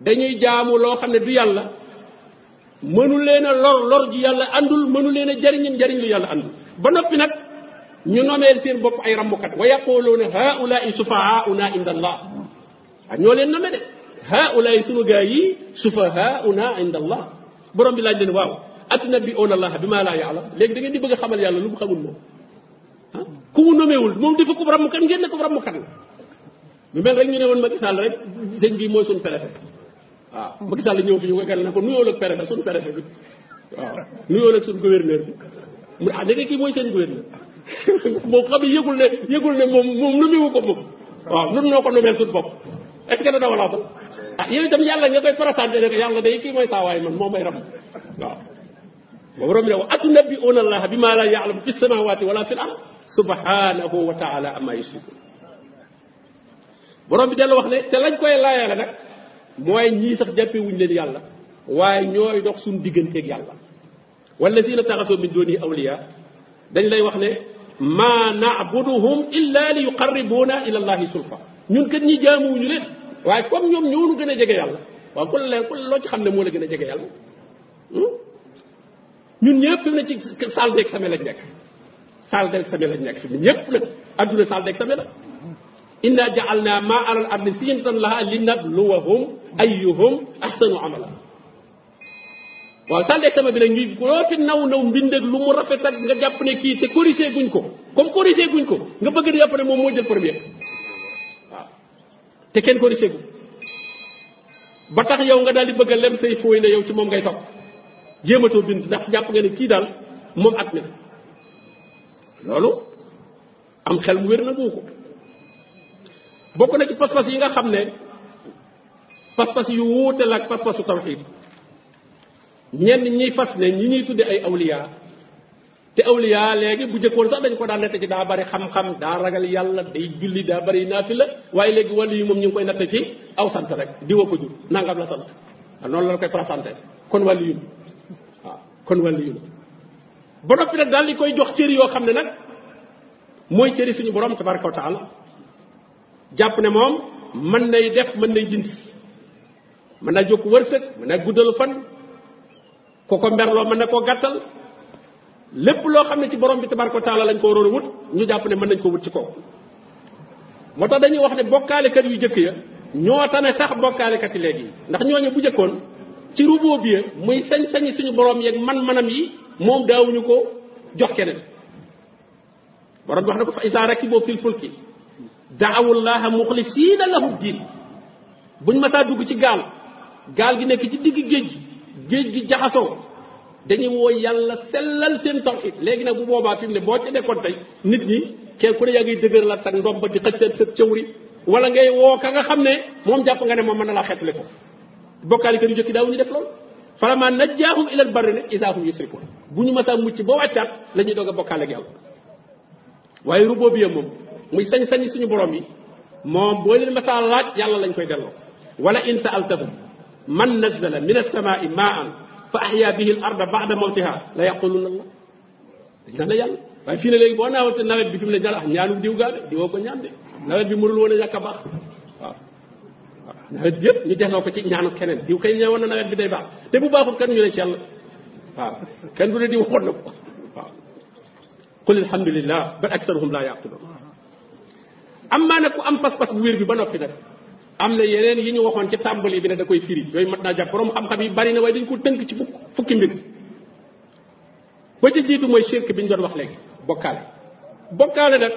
dañuy jaamu loo xam ne du yàlla mënu leen a lor lor ju yàlla àndul mënu leen jariñ njariñ lu yàlla àndul ba noppi nag ñu nomeel seen bopp ay rammukat wa yaquluuna haulaai sufaauna inda allah ah ñoo leen nome de haulaai sunu gaa yi sufahauna inda allah borom bi laaj leen waaw atnabbiuuna allah bi maa laa yaalam léegi da ngeen di bëgg xamal yàlla lu mu xamul moom ah ku mu nomewul moom dafa ko rammukat ngeen ne ko rammukat la lu rek ñu ne woon Macky Sall rek sëñ bi mooy suñu préfet waaw Macky ñëw fi ñu koy gàll na ko nuyoo ak préfet suñu préfet bi waaw nuyoo bi mu ah da nga kii mooy seen moom xam yi yëgul ne yëgul ne moom moom numewu ko moom waaw nun noo ko numeel suñu bopp est ce que dana ah yow itam yàlla nga koy présenté ne ko yàlla day kii mooy rom ne wa atunabbi'uuna allaha bimaa laa ya'lamu fi samaawaati wala fi l ard subhanahu wa taala amma yushrikun bi dellu wax ne te lañ koy laayaale nag mooy ñii sax jàppewuñ leen yàlla waaye ñooy dox suñ digganteeg yàlla wallazina taxasoo min dooni awliya dañ lay wax ne ma naabuduhum illa li yuqarribuuna ila allahi sulfa ñun kat ñi jaamuwuñu leen waaye comme ñoom ñoo nu gën a jege yàlla waaw kon leen kon loo ci xam ne moo la gën a jege yàlla hmm? ñun ñëpp fi mu ne ci salle deg same lañ nekk salle deg same lañ nekk fi mu ñëpp nag adduna salle deg same la inna ja'alna ma ala al ardi sinatan laha linabluwahum ayyuhum ahsanu amala waaw salle d'examen bi nag ñu loo fi naw naw mbindeeg lu mu rafet ak nga jàpp ne kii te corrigé guñ ko comme corrigé guñ ko nga bëgg di jàpp ne moom moo jël premier waaw te kenn corrigé gu ba tax yow nga daal di bëgg a lem say fooy ne yow ci moom ngay topp jéematoo bind ndax jàpp nga ne kii daal moom at mi loolu am xel mu wér na ko bokk na ci pas-pas yi nga xam ne pas-pas yu wuute la ak pas-pasu tawxiid ñenn ñiy fas ne ñi ñuy tudde ay awliya te awliya léegi bu jëkkoon sax dañ ko daan natte ci daa bari xam-xam daa ragal yàlla day julli daa bari naafila waaye léegi wàllu yi moom ñu ngi koy natte ci aw sant rek diwa ko jur nangam la sant waaw noonu la koy présenté kon wàllu yu waaw kon wàllu yu ba noppi ne daal di koy jox cëri yoo xam ne nag mooy cëri suñu borom tabaraka wa taala jàpp ne moom mën nay def mën nay jindi mën naa jokk wërsëg mën naa guddalu ku ko merloo mën na koo gàttal lépp loo xam ne ci borom bi tabaraka wa taala lañ ko waroon a wut ñu jàpp ne mën nañ ko wut ci kaw moo tax dañuy wax ne bokkaalekat yu jëkk ya ñoo tane sax bokkaalekat yi léegi ndax ñooñu bu jëkkoon ci ruboo bi muy sañ-sañi suñu borom yeeg man-manam yi moom daawuñu ko jox keneen borom bi wax na ko fa isa rakibu fil fulki daawullaha muxlisiina lahu diin buñ masaa dugg ci gaal gaal gi nekk ci digg géej gi géej gi jaxasoo dañuy woo yàlla sellal seen tawxid léegi nag bu boobaa fi mu ne boo ci nekkoon tey nit ñi kenn ku ne yaa ngi dëgër la sa ndomba di xëccal sa cëwri wala ngay woo ka nga xam ne moom jàpp nga ne moom mën na laa xeetale ko bokkaali kër yu jëkki daaw ñu def loolu falamaa najjaahum ilal barri nag idaa hum yusrikuun bu ñu masaa mucc ba wàccaat la ñuy doog a bokkaale ak yàlla waaye rubuubiyya moom muy sañ-sañi suñu borom yi moom boo leen masaa yàlla lañ koy delloo wala in saaltahum man nazala min as-samaa'i maa'an fa ahyaa bihi al-arda ba'da mawtihaa la yaquluna Allah dañ naan la yàlla waaye fii ne léegi boo naawate nawet bi fi mu ne ah ñaanu diw gaa de diwoo ko ñaan de nawet bi mënul woon a ñàkk a baax waaw waaw nawet bi yëpp ñu delloo ko ci ñaanu keneen diw kay ñëwoon na nawet bi day baax te bu baaxul kan ñu ne ci yàlla waaw kenn du ne diw waxoon na ko waaw qul alhamdulillah bal aksaruhum laa yaqiluun am maa nag ku am pas-pas bu wér bi ba noppi nag am na yeneen yi ñu waxoon ci tàmbali bi ne da koy firi yooyu mat naa jàpp borom xam-xam yi bari na waaye dañ ko tënk ci fukk fukki mbir ba ci jiitu mooy shirk bi ñu doon wax léegi bokkaale bokkaale nag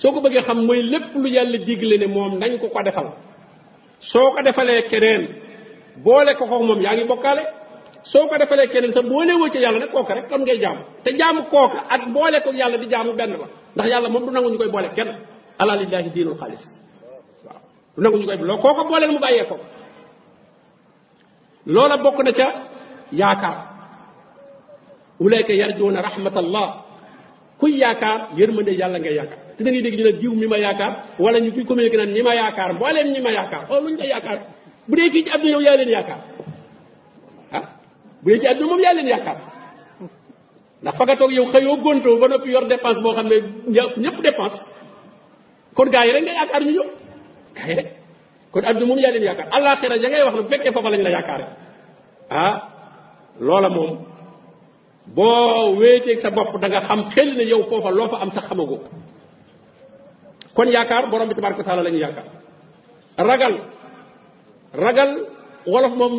soo ko bëggee xam mooy lépp lu yàlla digle ne moom nañ ko ko defal soo ko defalee keneen boole ko ko moom yaa ngi bokkaale soo ko defalee keneen sa boole woo ci yàlla nag kooka rek kon ngay jaamu te jaamu kooka ak boole ko yàlla di jaamu benn ba ndax yàlla moom du nangu ñu koy boole kenn ala lillahi diinul xaalis du nangu ñu koy loo kooko booleel mu bàyyee ko loola bokk na ca yaakaar ulayka yarjuuna rahmatallah kuy yaakaar yërmande yàlla ngay yaakaar te da ngay dégg ñu ne jiw mi ma yaakaar wala ñu kuy communiqué naan ñi ma yaakaar mbooleem ñi ma yaakaar o oh, luñ la yaakaar bu dee fii ci na yow yaa leen yaakaar ah bu dee ci àdduna moom yaa leen yaakaar ndax fa nga toog yow xëyoo góntoo ba noppi yor dépense boo xam ne ñëpp dépense kon gars yi rek nga yaakaar ñu ñëw kay kon addu moom yaakaar àllaaxira ja ngay wax na bu fekkee foofa lañ la yaakaare ah, moom boo wéeteeg sa bopp da nga xam xel yow foofa loo am sax xamagoo kon yaakaar borom bi tabaraka wa taala la ragal ragal wolof moom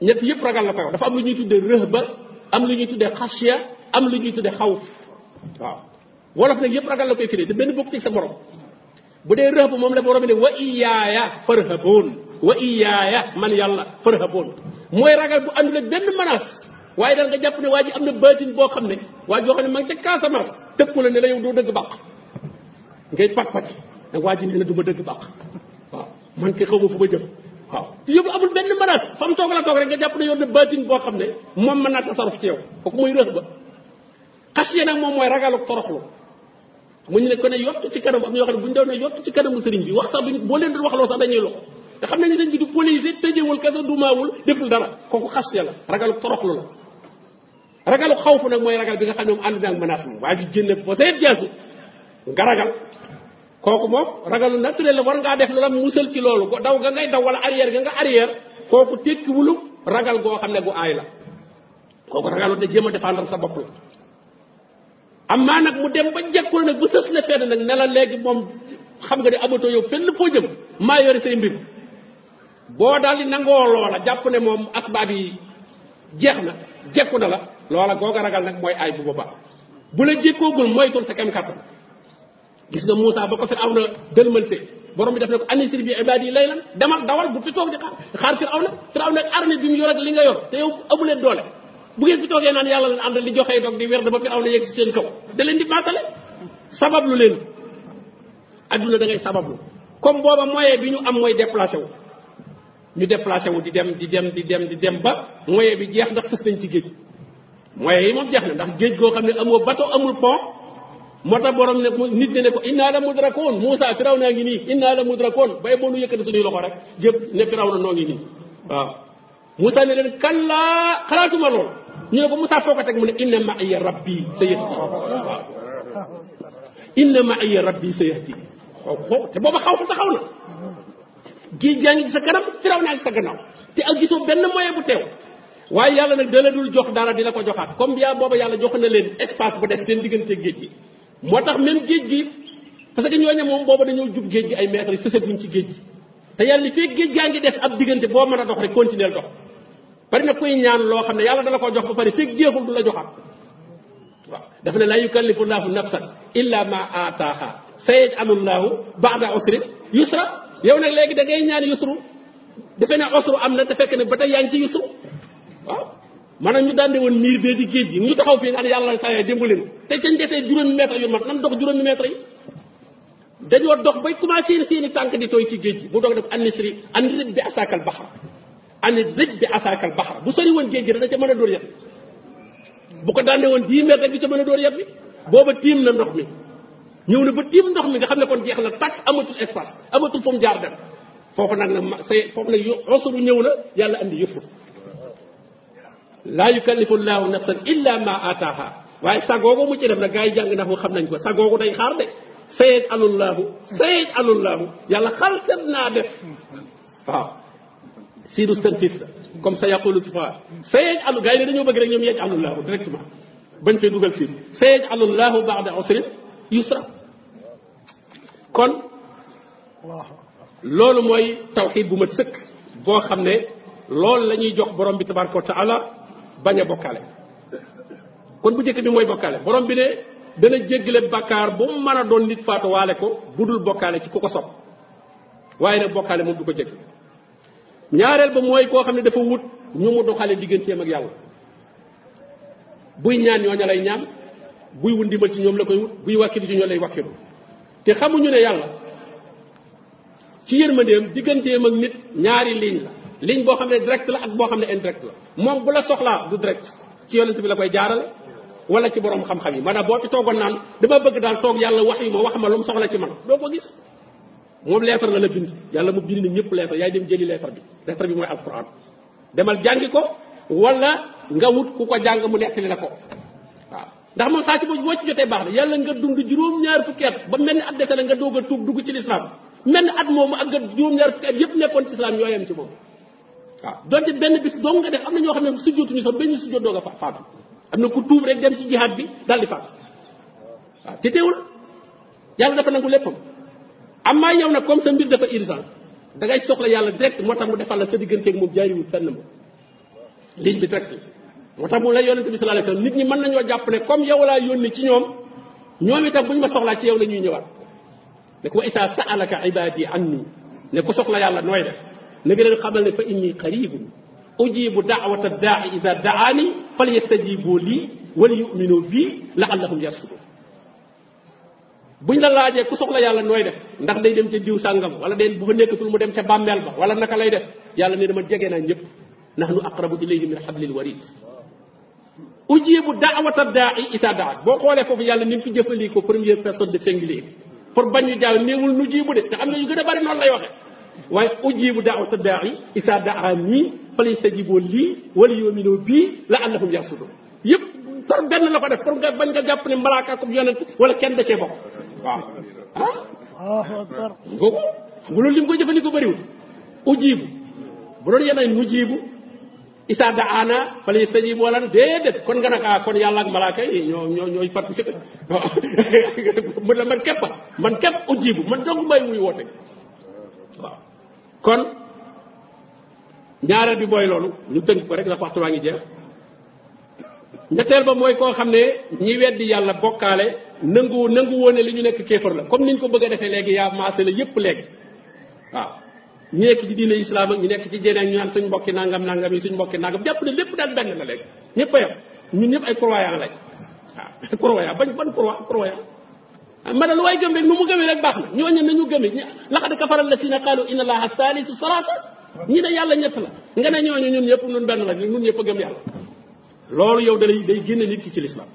yëpp ragal la koy wax am lu ñuy tuddee rëhba am lu ñuy tuddee xasiya am lu ñuy tuddee xawf waaw wolof nag yëpp ragal la koy firi te benn bokk ci sa borom bu dee rëbb moom la borom bi ne wa iyaaya farhaboon wa iyaaya man yàlla farhaboon mooy ragal bu àndul ak benn menace waaye daal nga jàpp ne waa ji am na baatin boo xam ne waa joo xam ne maa ngi ca Casamance tëb ko la ne la yow doo dëgg bàq ngay pat pati nag waa ji nee na du ma dëgg bàq waaw man kay xaw ma fu ma jëm waaw yóbbu amul benn menace fa mu toog la toog rek nga jàpp ne yow na baatin boo xam ne moom mën naa tasaruf ci yow kooku mooy rëbb ba xas yee nag moom mooy ragalu toroxlu mu ñu ne ko ne yott ci kanam am xam ne bu ñu doon ne yott ci kanamu sëriñ bi wax sax duñ boo leen doon wax loo sax dañuy loxo te xam nañ ne sëñ bi du police tëjewul kese dumaawul deful dara kooku xas ya la ragalu toroxlu la ragalu xawfu nag mooy ragal bi nga xam ne moom ànd naag menace moom waaye bi génne ba seet jaasu nga ragal kooku moom ragalu naturel la war ngaa def loola musal ci loolu daw nga ngay daw wala arrière nga nga arrière kooku tekkiwulu ragal goo xam ne gu aay la kooku ragalu te jéem a défendre sa bopp la am maa nag mu dem ba jekkul nag bu sës la fenn nag ne la léegi moom xam nga ne amatoo yow fenn foo jëm maa yore say mbir boo daal nangoo loola jàpp ne moom asbaab yi jeex na jekku na la loola googa ragal nag mooy ay bu boobaa bu la jekkoogul moytul sa kem kàttan gis nga Moussa ba ko fi aw na dëlmal see borom bi def ne ko anisir bi ibaad yi lay lan demal dawal bu fi toog di xaar xaar fi aw na fi aw na ak armée bi mu yor ak li nga yor te yow amuleen doole bu ngeen fi toogee naan yàlla leen àndal di joxee dog di werd ba firaw na yegg si seen kaw da leen di baatale sabablu leen adduna da ngay sabablu comme booba moyen bi ñu am mooy déplacé wu ñu déplacé wu di dem di dem di dem dem ba moyen bi jeex ndax sës nañ ci géej moyen yi moom jeex na ndax géej goo xam ne amoo bato amul pont moo tax borom ne nit ne ne ko innaa la mudrakoon Moussa firaw naa ngi nii innaa la mudrakoon bay boo nu yëkkati suñuy loxo rek jëpp ne firaw na noo ngi nii waaw Moussa ne leen kallaa xalaatuma ñu ne ko Moussa foo ko teg mu ne inna ma'iya rabbi sayahdi waaw inna ma'iya rabbi sayahdi waaw kooku te booba xaw taxaw na géej gaa ngi ci sa kanam firaw naa ci sa gannaaw te ak gisoo benn moyen bu teew waaye yàlla nag da jox dara di la ko joxaat comme yaa booba yàlla jox na leen espace bu def seen diggante géej gi moo tax même géej gi parce que ñooñu moom booba dañoo jub géej gi ay mètres yi sësatuñ ci géej gi te yàlla li fekk géej gaa ngi des ab diggante boo mën a dox rek continuer dox bari na kuy ñaan loo xam ne yàlla dala koo jox ba pare fekk jeexul du la joxaat waaw dafa ne laa yukallifu llaahu nafsan illa ma aataaha sayaj'alu llaahu ba'da usrin yusra yow nag léegi da ngay ñaan yusru defe ne usru am na te fekk ne ba tey yaa ngi ci yusru waaw maanaam ñu woon niir bee di géej gi ñu taxaw fii naan yàlla saa yee dimbalin te dañ desee juróomi mètre yu mat nan dox juróomi mètre yi dañoo dox bay commencé seeni i tànk di tooy ci géej gi mu doog def annisri an rib bi asakal baxar ani rëj bi asaakal baxara bu sori woon géej gi dana ca mën a dóor yat bu ko daande woon dix mètres rek bi ca mën a dóor yat bi booba tiim na ndox mi ñëw na ba tiim ndox mi nga xam ne kon jeex na takk amatu espace amatul fu mu jaar dem foofu nag na say foofu nag osuru ñëw na yàlla andi yëfu laa yukallifu llahu nafsan illa ma ataaha waaye sagoogu mu ci def na gars yi jàng ndax mu xam nañ ko sagoogu day xaar de sayed alullahu sayed alullahu yàlla xal set naa def siiru service la comme sa yaqulu sufa sa yeej alu gars dañoo bëgg rek ñoom yeej alullahu directement bañ fay dugal siiru sa yeej alullahu baada usrin yusra kon loolu mooy tawxid bu ma sëkk boo xam ne loolu lañuy jox borom bi tabaraka wa taala bañ a bokkaale kon bu njëkk bi mooy bokkaale borom bi ne dana jéggale bakkaar bu man mën a doon nit faatuwaale ko budul bokkaale ci ku ko sopp waaye nag bokkaale moom du ko jégg ñaareel ba mooy koo xam ne dafa wut ñu mu doxale digganteem ak yàlla buy ñaan ñooña lay ñaan buy wut ndimbal ci ñoom la koy wut buy wàkkilu ci ñoo lay wàkkilu te xamuñu ne yàlla ci yërmandeem digganteem ak nit ñaari ligne la ligne boo xam ne direct la ak boo xam ne indirect la moom bu la soxlaa du direct ci yonent bi la koy jaarale wala ci borom xam-xam yi maanaam boo fi toogoon naan dama bëgg daal toog yàlla wax yu ma wax ma lu mu soxla ci man doo moom lettre la la bind yàlla mu bind nañ ñëpp lettre yaay dem jëli lettre bi lettre bi mooy alquran demal jàngi ko wala nga wut ku ko jàng mu nettali la ko waaw ndax moom saa si boo ci jotee baax na yàlla nga dund juróom-ñaar fukki at ba mel ni at dese la nga doog dugg ci lislaam mel ni at moomu ak nga juróom-ñaar fukki at yëpp nekkoon ci lislaam ñoo yem ci moom waaw benn bis doom nga def am na ñoo xam ne sujjootuñu sax benn sujjoot doog a faatu am na ku tuub rek dem ci jihaad bi daal di faatu waaw te teewul yàlla dafa nangu léppam amaa yow nag comme sa mbir dafa urgent da ngay soxla yàlla direct moo tax mu defal la sa digganteeg moom jaariwul fenn ma ligne bi direct moo tax mu la yonente bi sallallahu alayhi wasallam nit ñi mën nañoo jàpp ne comme yow laa yónni ci ñoom ñoom itam bu ñu ma soxlaa ci yow la ñuy ñëwaat ne ko wa isa sa'alaka ibadi anni ne ku soxla yàlla nooy def na nga leen xamal ne fa inni qaribun ujibu da'wata da'i iza da'ani fal yastajibu lii wal yu'minu bii la'allahum yarshudun bu ñu la laajee ku soxla yàlla nooy def ndax day dem ca diw sàngam wala day bu fa nekkatul mu dem ca bàmmeel ba wala naka lay def yàlla ne dama jege naa ñëpp ndax nu aqrabu ilayhi min hablil warid ujibu daawata daai isa daa boo xoolee foofu yàlla ni mu fi jëfandikoo première personne de pour bañ ñu jàll néewul nu jiibu de am na yu gën a bari noonu lay waxee waaye ujibu daawata daai isa daa nii falyastajiboo lii wala yuminoo bii la allahum yarsudoon yépp par benn la ko def pour nga bañ nga jàpp ne malaaka ko yonent wala kenn da cee bokk waaw ah googu nga loolu li mu jëfandikoo bëriwul ujibu bu doon yeneen mujibu isaa da ana fala yastajibu wala déedéet kon nga nag ah, kon yàlla ak malaaka yi ñoo ñooy participer mun la man képp man képp ujibu man dong may muy woote waaw kon ñaareel bi mooy loolu ñu tënk ko rek ndax waxtu waa ngi jeex ñetteel ba mooy koo xam ne ñi weddi yàlla bokkaale nangu nangu woone li ñu nekk kéefar la comme ni ñu ko bëgg a defee léegi yaa maase la yépp léegi waaw ñu nekk ci diine islam ak ñu nekk ci jeneen ñu naan suñ mbokki nangam nangam yi suñ mbokki nangam jàpp ne lépp daal benn la léegi ñëpp a yem ñun ñëpp bañ ban croyant ma ne lu waay gëm rek nu mu gëmee rek baax na ñooñu nañu gëmee saalisu salaasa ñi ne yàlla ñett la nga ne ñooñu ñun ñëpp ñun benn la ñun ñëpp a gëm yàlla loolu yow dalay day génne nit ki ci lislaam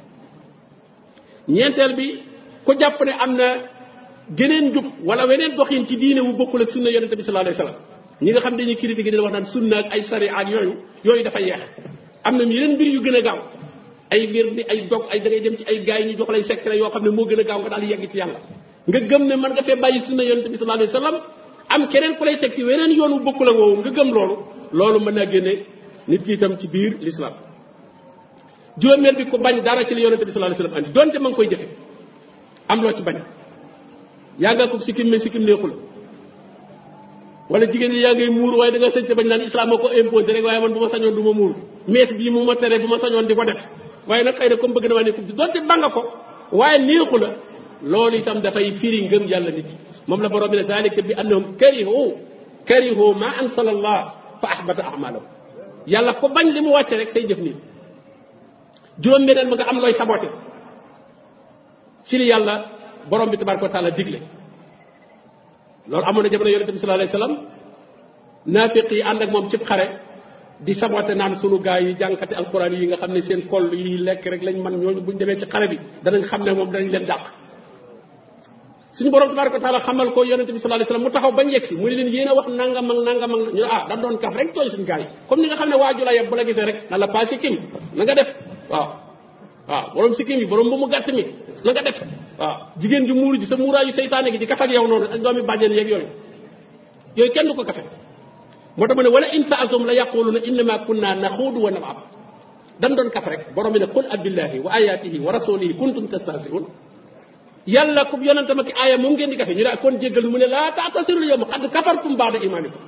ñeenteel bi ku jàpp ne am na geneen jub wala weneen doxin ci diine wu bokkul ak sunna yonente bi sallallahu alayhi wasallam ñi nga xam dañuy critiquer di wax naan sunna ak ay sari ak yooyu yooyu dafa am na yeneen mbir yu gën a gaaw ay mbir ay dog ay da ngay dem ci ay gaay ñu jox lay secret yoo xam ne moo gën a gaaw nga daal yegg ci yàlla nga gëm ne mën nga fee bàyyi sunna yonente bi sallallahu alayhi wasallam am keneen ku lay teg ci weneen yoonu bokkul ak woowu nga gëm loolu loolu mën naa génne nit ki itam ci biir l'islam juróomeel bi ku bañ dara ci li yonente bi sallallahu alayhi andi donte ma koy jëfe am loo ci bañ yàggal ko sikkim mais sikkim neexul wala jigéen yi yaa ngay muur waaye da nga sañ te bañ naan islam moo ko imposé rek waaye man bu ma sañoon du ma muur mees bii mu ma tere bu ma sañoon di ko def waaye nag xëy bëgg na ma ne ci donte ba nga ko waaye neexu la loolu itam dafay firi ngëm yàlla nit moom la borom bi ne zalika bi annahum karihu karihu maa anzala allah fa ahbata amalahum yàlla ko bañ li mu wàcce rek say jëf nii juróom-beneen ba nga am looy saboté ci li yàlla borom bi tabaraka wa taala digle loolu amoon na jamono yonente bi sallallahu alayhi wasallam naafiq yi ànd ak moom cib xare di saboté naan sunu gaay yi jànkati alquran yi nga xam ne seen kol yi lekk rek lañ man ñooñu buñ demee ci xare bi danañ xam ne moom danañ leen dàq suñu borom tabaraka wa taala xamal ko yonente bi sallallahu mu taxaw bañ yegsi mu ne leen yéen a wax nangam ak nangam ak ah, doon kaf rek tooñ suñu gaay comme ni nga xam ne waaju la yeb bu na na def waaw waaw borom sikkim bi borom bu mu gàtt mi na nga def waaw jigéen ju muuru ji sa muuraayu seytaane ki ci kafe ak yow noonu ak doomi bàjjen yeeg yooyu yooyu kenn du ko kafe moo tax ma ne wala in saaltum la yaquluna innama kunna naxuudu wa nalab dan doon kaf rek borom bi ne qul abillahi wa ayatihi wa rasulihi kuntum tastahziun yàlla ku yonentam ak aaya moom ngeen di kafe ñu ne kon jéggal mu ne laa taatasiru yawma qad kafartum baada imaanikum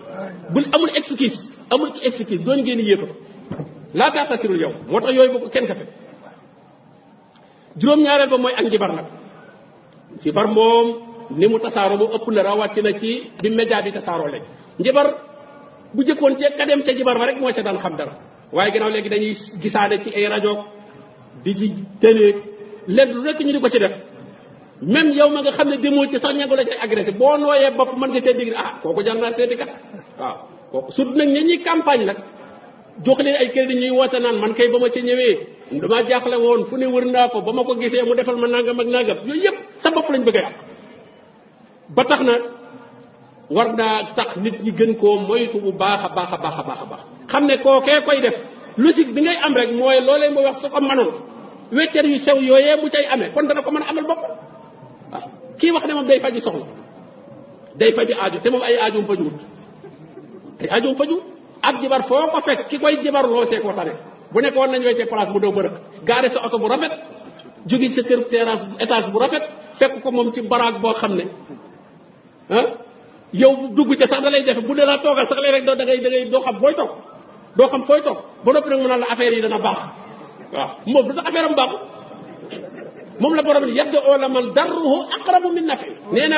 bul amul excuse amul excuse doon ngeen yéefar laa taatasirul yow moo tax yooyu bu ko kenn kafe juróom-ñaareel ba mooy ak njibar nag njibar moom ni mu tasaaroo mu ëpp la rawatina ci bi média bi tasaaroo léegi njibar bu jëkkoon cee ka dem ca njibar ba rek moo ca daan xam dara waaye gannaaw léegi dañuy gisaane ci ay rajo di ji télé lenn lu nekk ñu di ko ci def même yow ma nga xam ne demoo ci sax ña la cay agressé boo nooyee bopp mën nga cee digg ah kooku jar naa seeti kat waaw su surtout nag campagne nag jox leen ay crédit ñuy woote naan man kay ba ma ci ñëwee dama jaaxle woon fu ne wër naa ko ba ma ko gisee mu defal ma nangam ak nangam yooyu yëpp sa bopp lañ bëgg a yàq ba tax na war naa tax nit ñi gën koo moytu bu baax a baax a baax a baax a baax xam ne kookee koy def logique bi ngay am rek mooy loolee mooy wax su ko mënoon wecceer yu sew yooyee bu cay amee kon dana ko mën a amal bopp waaw kii wax ne moom day faji soxla day faji aajo te moom ay aajoom fajuwut ay aajoom fajuwut ak jabar foo ko fekk ki koy jabar loo see ko tane bu nekkoon nañu wecce place bu dow bërëk gaare sa oto bu rafet jóge sa kër terrasse étage bu rafet fekk ko moom ci baraag boo xam ne ah yow dugg ci sax da lay jafe bu dee laa toogal sax léeg rek da ngay da doo xam fooy toog xam fooy toog ba noppi nag mu na la affaire yi dana baax waaw moom du tax affaire am baaxul moom la borom yadda oo la man darruhu aqrabu min nafi nee na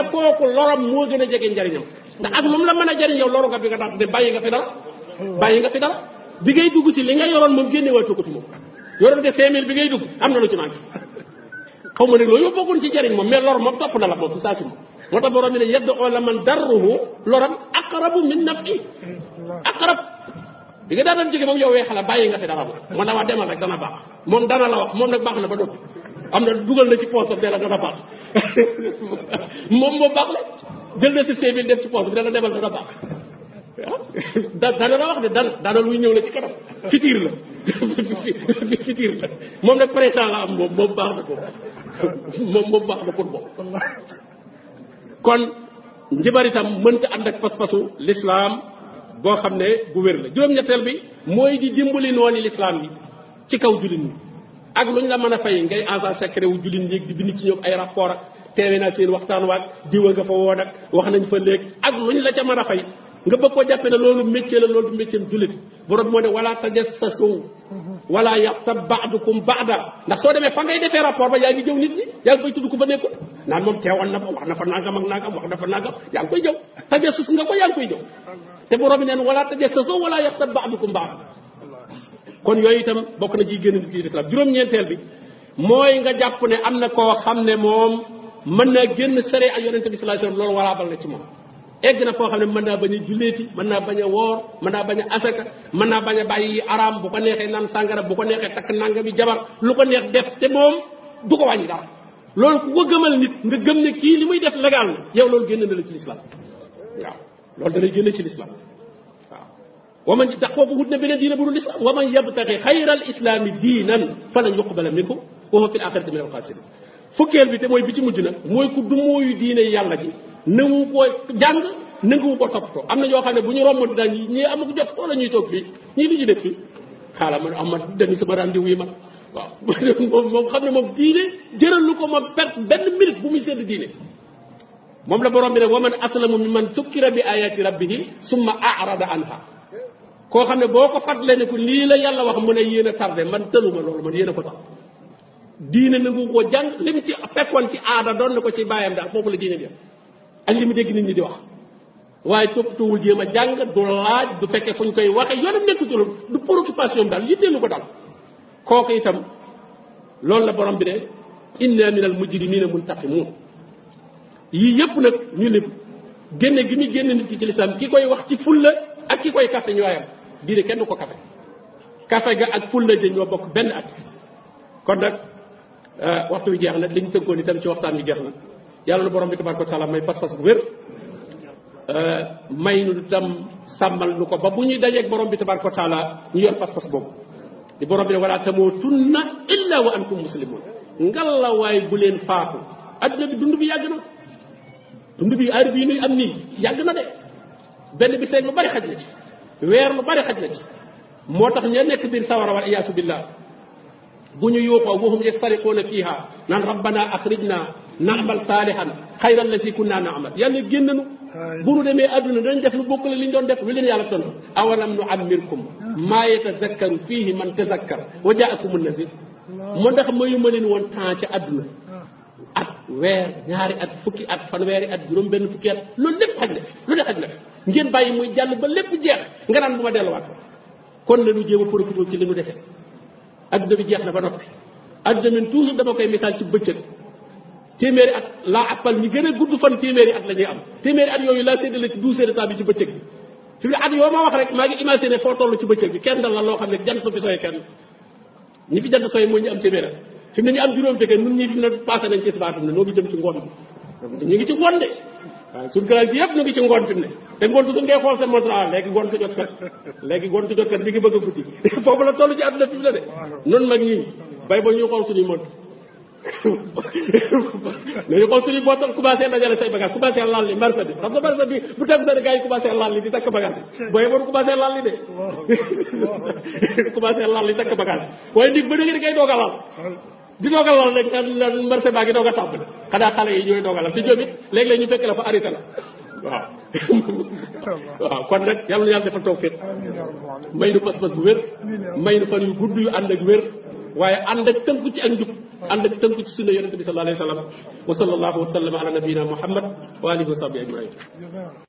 moo gën a jege njariñam ndax ak moom la mën a jariñ yow loru nga bi nga daat de bàyyi nga fi dara bàyyi nga fi dara bi ngay dugg si li nga yoroon moom génne waa tookati moom yoroon nga cinq mille bi ngay dugg am na lu ci manqué xaw ma ne loolu bokkoon ci jariñ moom mais lor moom topp na la moom saa si moom moo tax borom bi ne yedd oo la man darruhu loram aqrabu min naf'i aqrab bi nga daa daan jóge moom yow weexala bàyyi nga fi dara moom man daa wax demal rek dana baax moom dana la wax moom nag baax na ba noppi am na dugal na ci poosam ne la dana baax moom moo baax la jël na si cinq mille def ci poos bi ne la demal nga baax da dana la wax de dana dana luy ñëw la ci kanam fitir la fitir la moom nag présent la am moom moom baax na ko moom moom baax na pour moom kon njibar itam mënta ànd ak pas-pasu lislaam boo xam ne bu wér la juróom bi mooy di dimbali noonu lislaam yi ci kaw jullit ñi ak lu ñu la mën a fay ngay agent secret wu jullit ñi di bind ci ñoom ay rapport ak teewe naa seen waxtaan waag diwa nga fa woon ak wax nañ fa léegi ak lu ñu la ca mën a fay nga bëgg ko jàppe ne loolu métier la loolu du métier jullit borom moo ne wala tajassasu wala yaxtab baadukum baada ndax soo demee fa ngay defee rapport ba yaa ngi jëw nit ñi yaa ngi koy tudd ku fa nekkul naan moom teewoon na fa wax na fa nangam ak nangam wax na fa nangam yaa ngi koy jëw tajassus nga ko yaa ngi koy jëw te borom bi neen wala tajassasu wala yaxtab baadukum baada kon yooyu itam bokk na ci génn nit ki islam juróom-ñeenteel bi mooy nga jàpp ne am na koo xam ne moom mën naa génn sere ak yonente bi sallallahu alayhi wasallam loolu waraabal na ci moom egg na foo xam ne mën naa bañ a julleeti mën naa bañ woor mën naa bañ a asaka mën naa bañ a bàyyi araam bu ko neexee naan sàngara bu ko neexee takk bi jabar lu ko neex def te moom du ko wàññi dara loolu ku ko gëmal nit nga gëm ne kii li muy def légal na yow loolu génn na la ci lislaam waaw loolu da lay génne ci lislaam waaw wa man dax kooku wut na beneen diina bu dul lislaam wa man yabtaxi xayra al islaami diinan falan yuqbala minhu wa huwa fi l axirati min fukkeel bi te mooy bi ci mujj na mooy ku du mooyu diine yàlla ji nangu ko jàng nangu ko toppatoo am na ñoo xam ne bu ñu romb daan ñii am ko jot wala toog fii ñii li ñu def fii xaaral man am ma demi sama yi man waaw moom moom xam ne moom diine jëral lu ko moom perte benn minute bu muy sedd diine moom la borom bi ne waman aslamu mi man sukkira bi ayati rabbihi summa arada anha koo xam ne boo ko la ne ko lii la yàlla wax mu ne yéen a tardé man tëluma loolu man yéen a ko tax diine nangu ko jàng li mu ci fekkoon ci aada doon na ko ci bàyyam daal foofu la diine bi ak li mu dégg nit ñi di wax waaye toppatuwul jéem a jàng du laaj du fekkee fu ñu koy waxe yoonam nekkatul du préoccupation daal yitteelu ko daal kooku itam loolu la borom bi ne inna minal mujrimina muntaqimun yii yëpp nag ñu ne génn gi muy génne nit ki ci lislaam ki koy wax ci fulla ak ki koy kafe ñooyam diine kenn ko kafe kafe ga ak fulla ja ñoo bokk benn at kon Euh, waxtu wi jeex na liñ tënkoon itam ci waxtaan wi jeex na yàlla na borom bi tabaraka wa taala may pas-pas bu wér euh, may nu tam sàmmal nu ko ba bu ñuy dajeeg borom bi tabaraka wa taala ñu yor pas-pas boobu di borom bi ne wala tamootunna illa wa antum la waaye bu leen faatu adduna bi dund bi yàgg na dund bi heure bii nuy am nii yàgg na de benn bi seeg lu bari xaj na ci weer lu bari xaj na ci moo tax ña nekk biir sawara wal iyaasu billah bu ñu yuuxoo wahum yastarixuuna fiiha naan rabbana axrijna naamal saalihan xayran la si kunna naamal yàlla génn nu bu nu demee àdduna dañ def lu bokk la li ñu doon def lu leen yàlla tontu awalam nu ammirkum maa yatazakkaru fiihi man tazakkar wa jaakumu nazir moo ndax mayu ma leen woon temps ca adduna ah. at weer ñaari at fukki at fanweeri at juróom benn fukki at loolu lépp xaj na lu ne xaj na ngeen bàyyi muy jàll ba lépp jeex nga naan bu ma delluwaat kon nanu jéem a profité ci li nu dese adduna bi jeex na ba noppi adduna bi toujours dama koy misaal ci bëccëg téeméeri at laa appal ñi gën a gudd fan téeméeri at la am téeméeri at yooyu laa séddale ci douze heures de temps bi ci bëccëg bi fi mu ne at yoo ma wax rek maa ngi imaginer foo toll ci bëccëg bi kenn dal la loo xam ne jant fi sooy kenn ñi fi jant sooy moo ñu am téeméeri at fi mu ne ñu am juróom fekk nun ñi fi ne passé nañ ci isbaatam noo ngi jëm ci ngoon bi ñu ngi ci ngoon de waaw suñu classe gi yëpp ñu ngi ci ngoon fi mu ne te ngoon bi suñu dee xool seen montre ah léegi ngoon tu jot kat léegi ngoon tu jot kat mi ngi bëgg a guddi foofu la toll ci àdduna fi mu ne de noonu mag ñi bay ba ñuy xool suñuy montre nañu xool suñu boo commencé dajale say bagage commencé laal li marché bi xam nga marché bi bu tam sa ne gars yi commencé laal li di takk bagage booye boonu commencé laal li de commencé laal li takk bagage waaye ndig ba dëgg di a di doog a lal rek nga marché baa ngi doog a tàmbali xanaa xale yi ñooy doog a lal te ñoom it léeg-léeg ñu fekk la fa arrêté la waaw waaw kon nag yàlla yàlla defal tawfiq may nu pas-pas bu wér may nu fan yu gudd yu ànd ak wér waaye ànd ak tënku ci ak njub ànd ak tënku ci sunna yonente bi sallallahu alayhi wa sallam wa sallallahu wa sallam ala nabiyina muhammad wa alihi wa sahbihi ajmain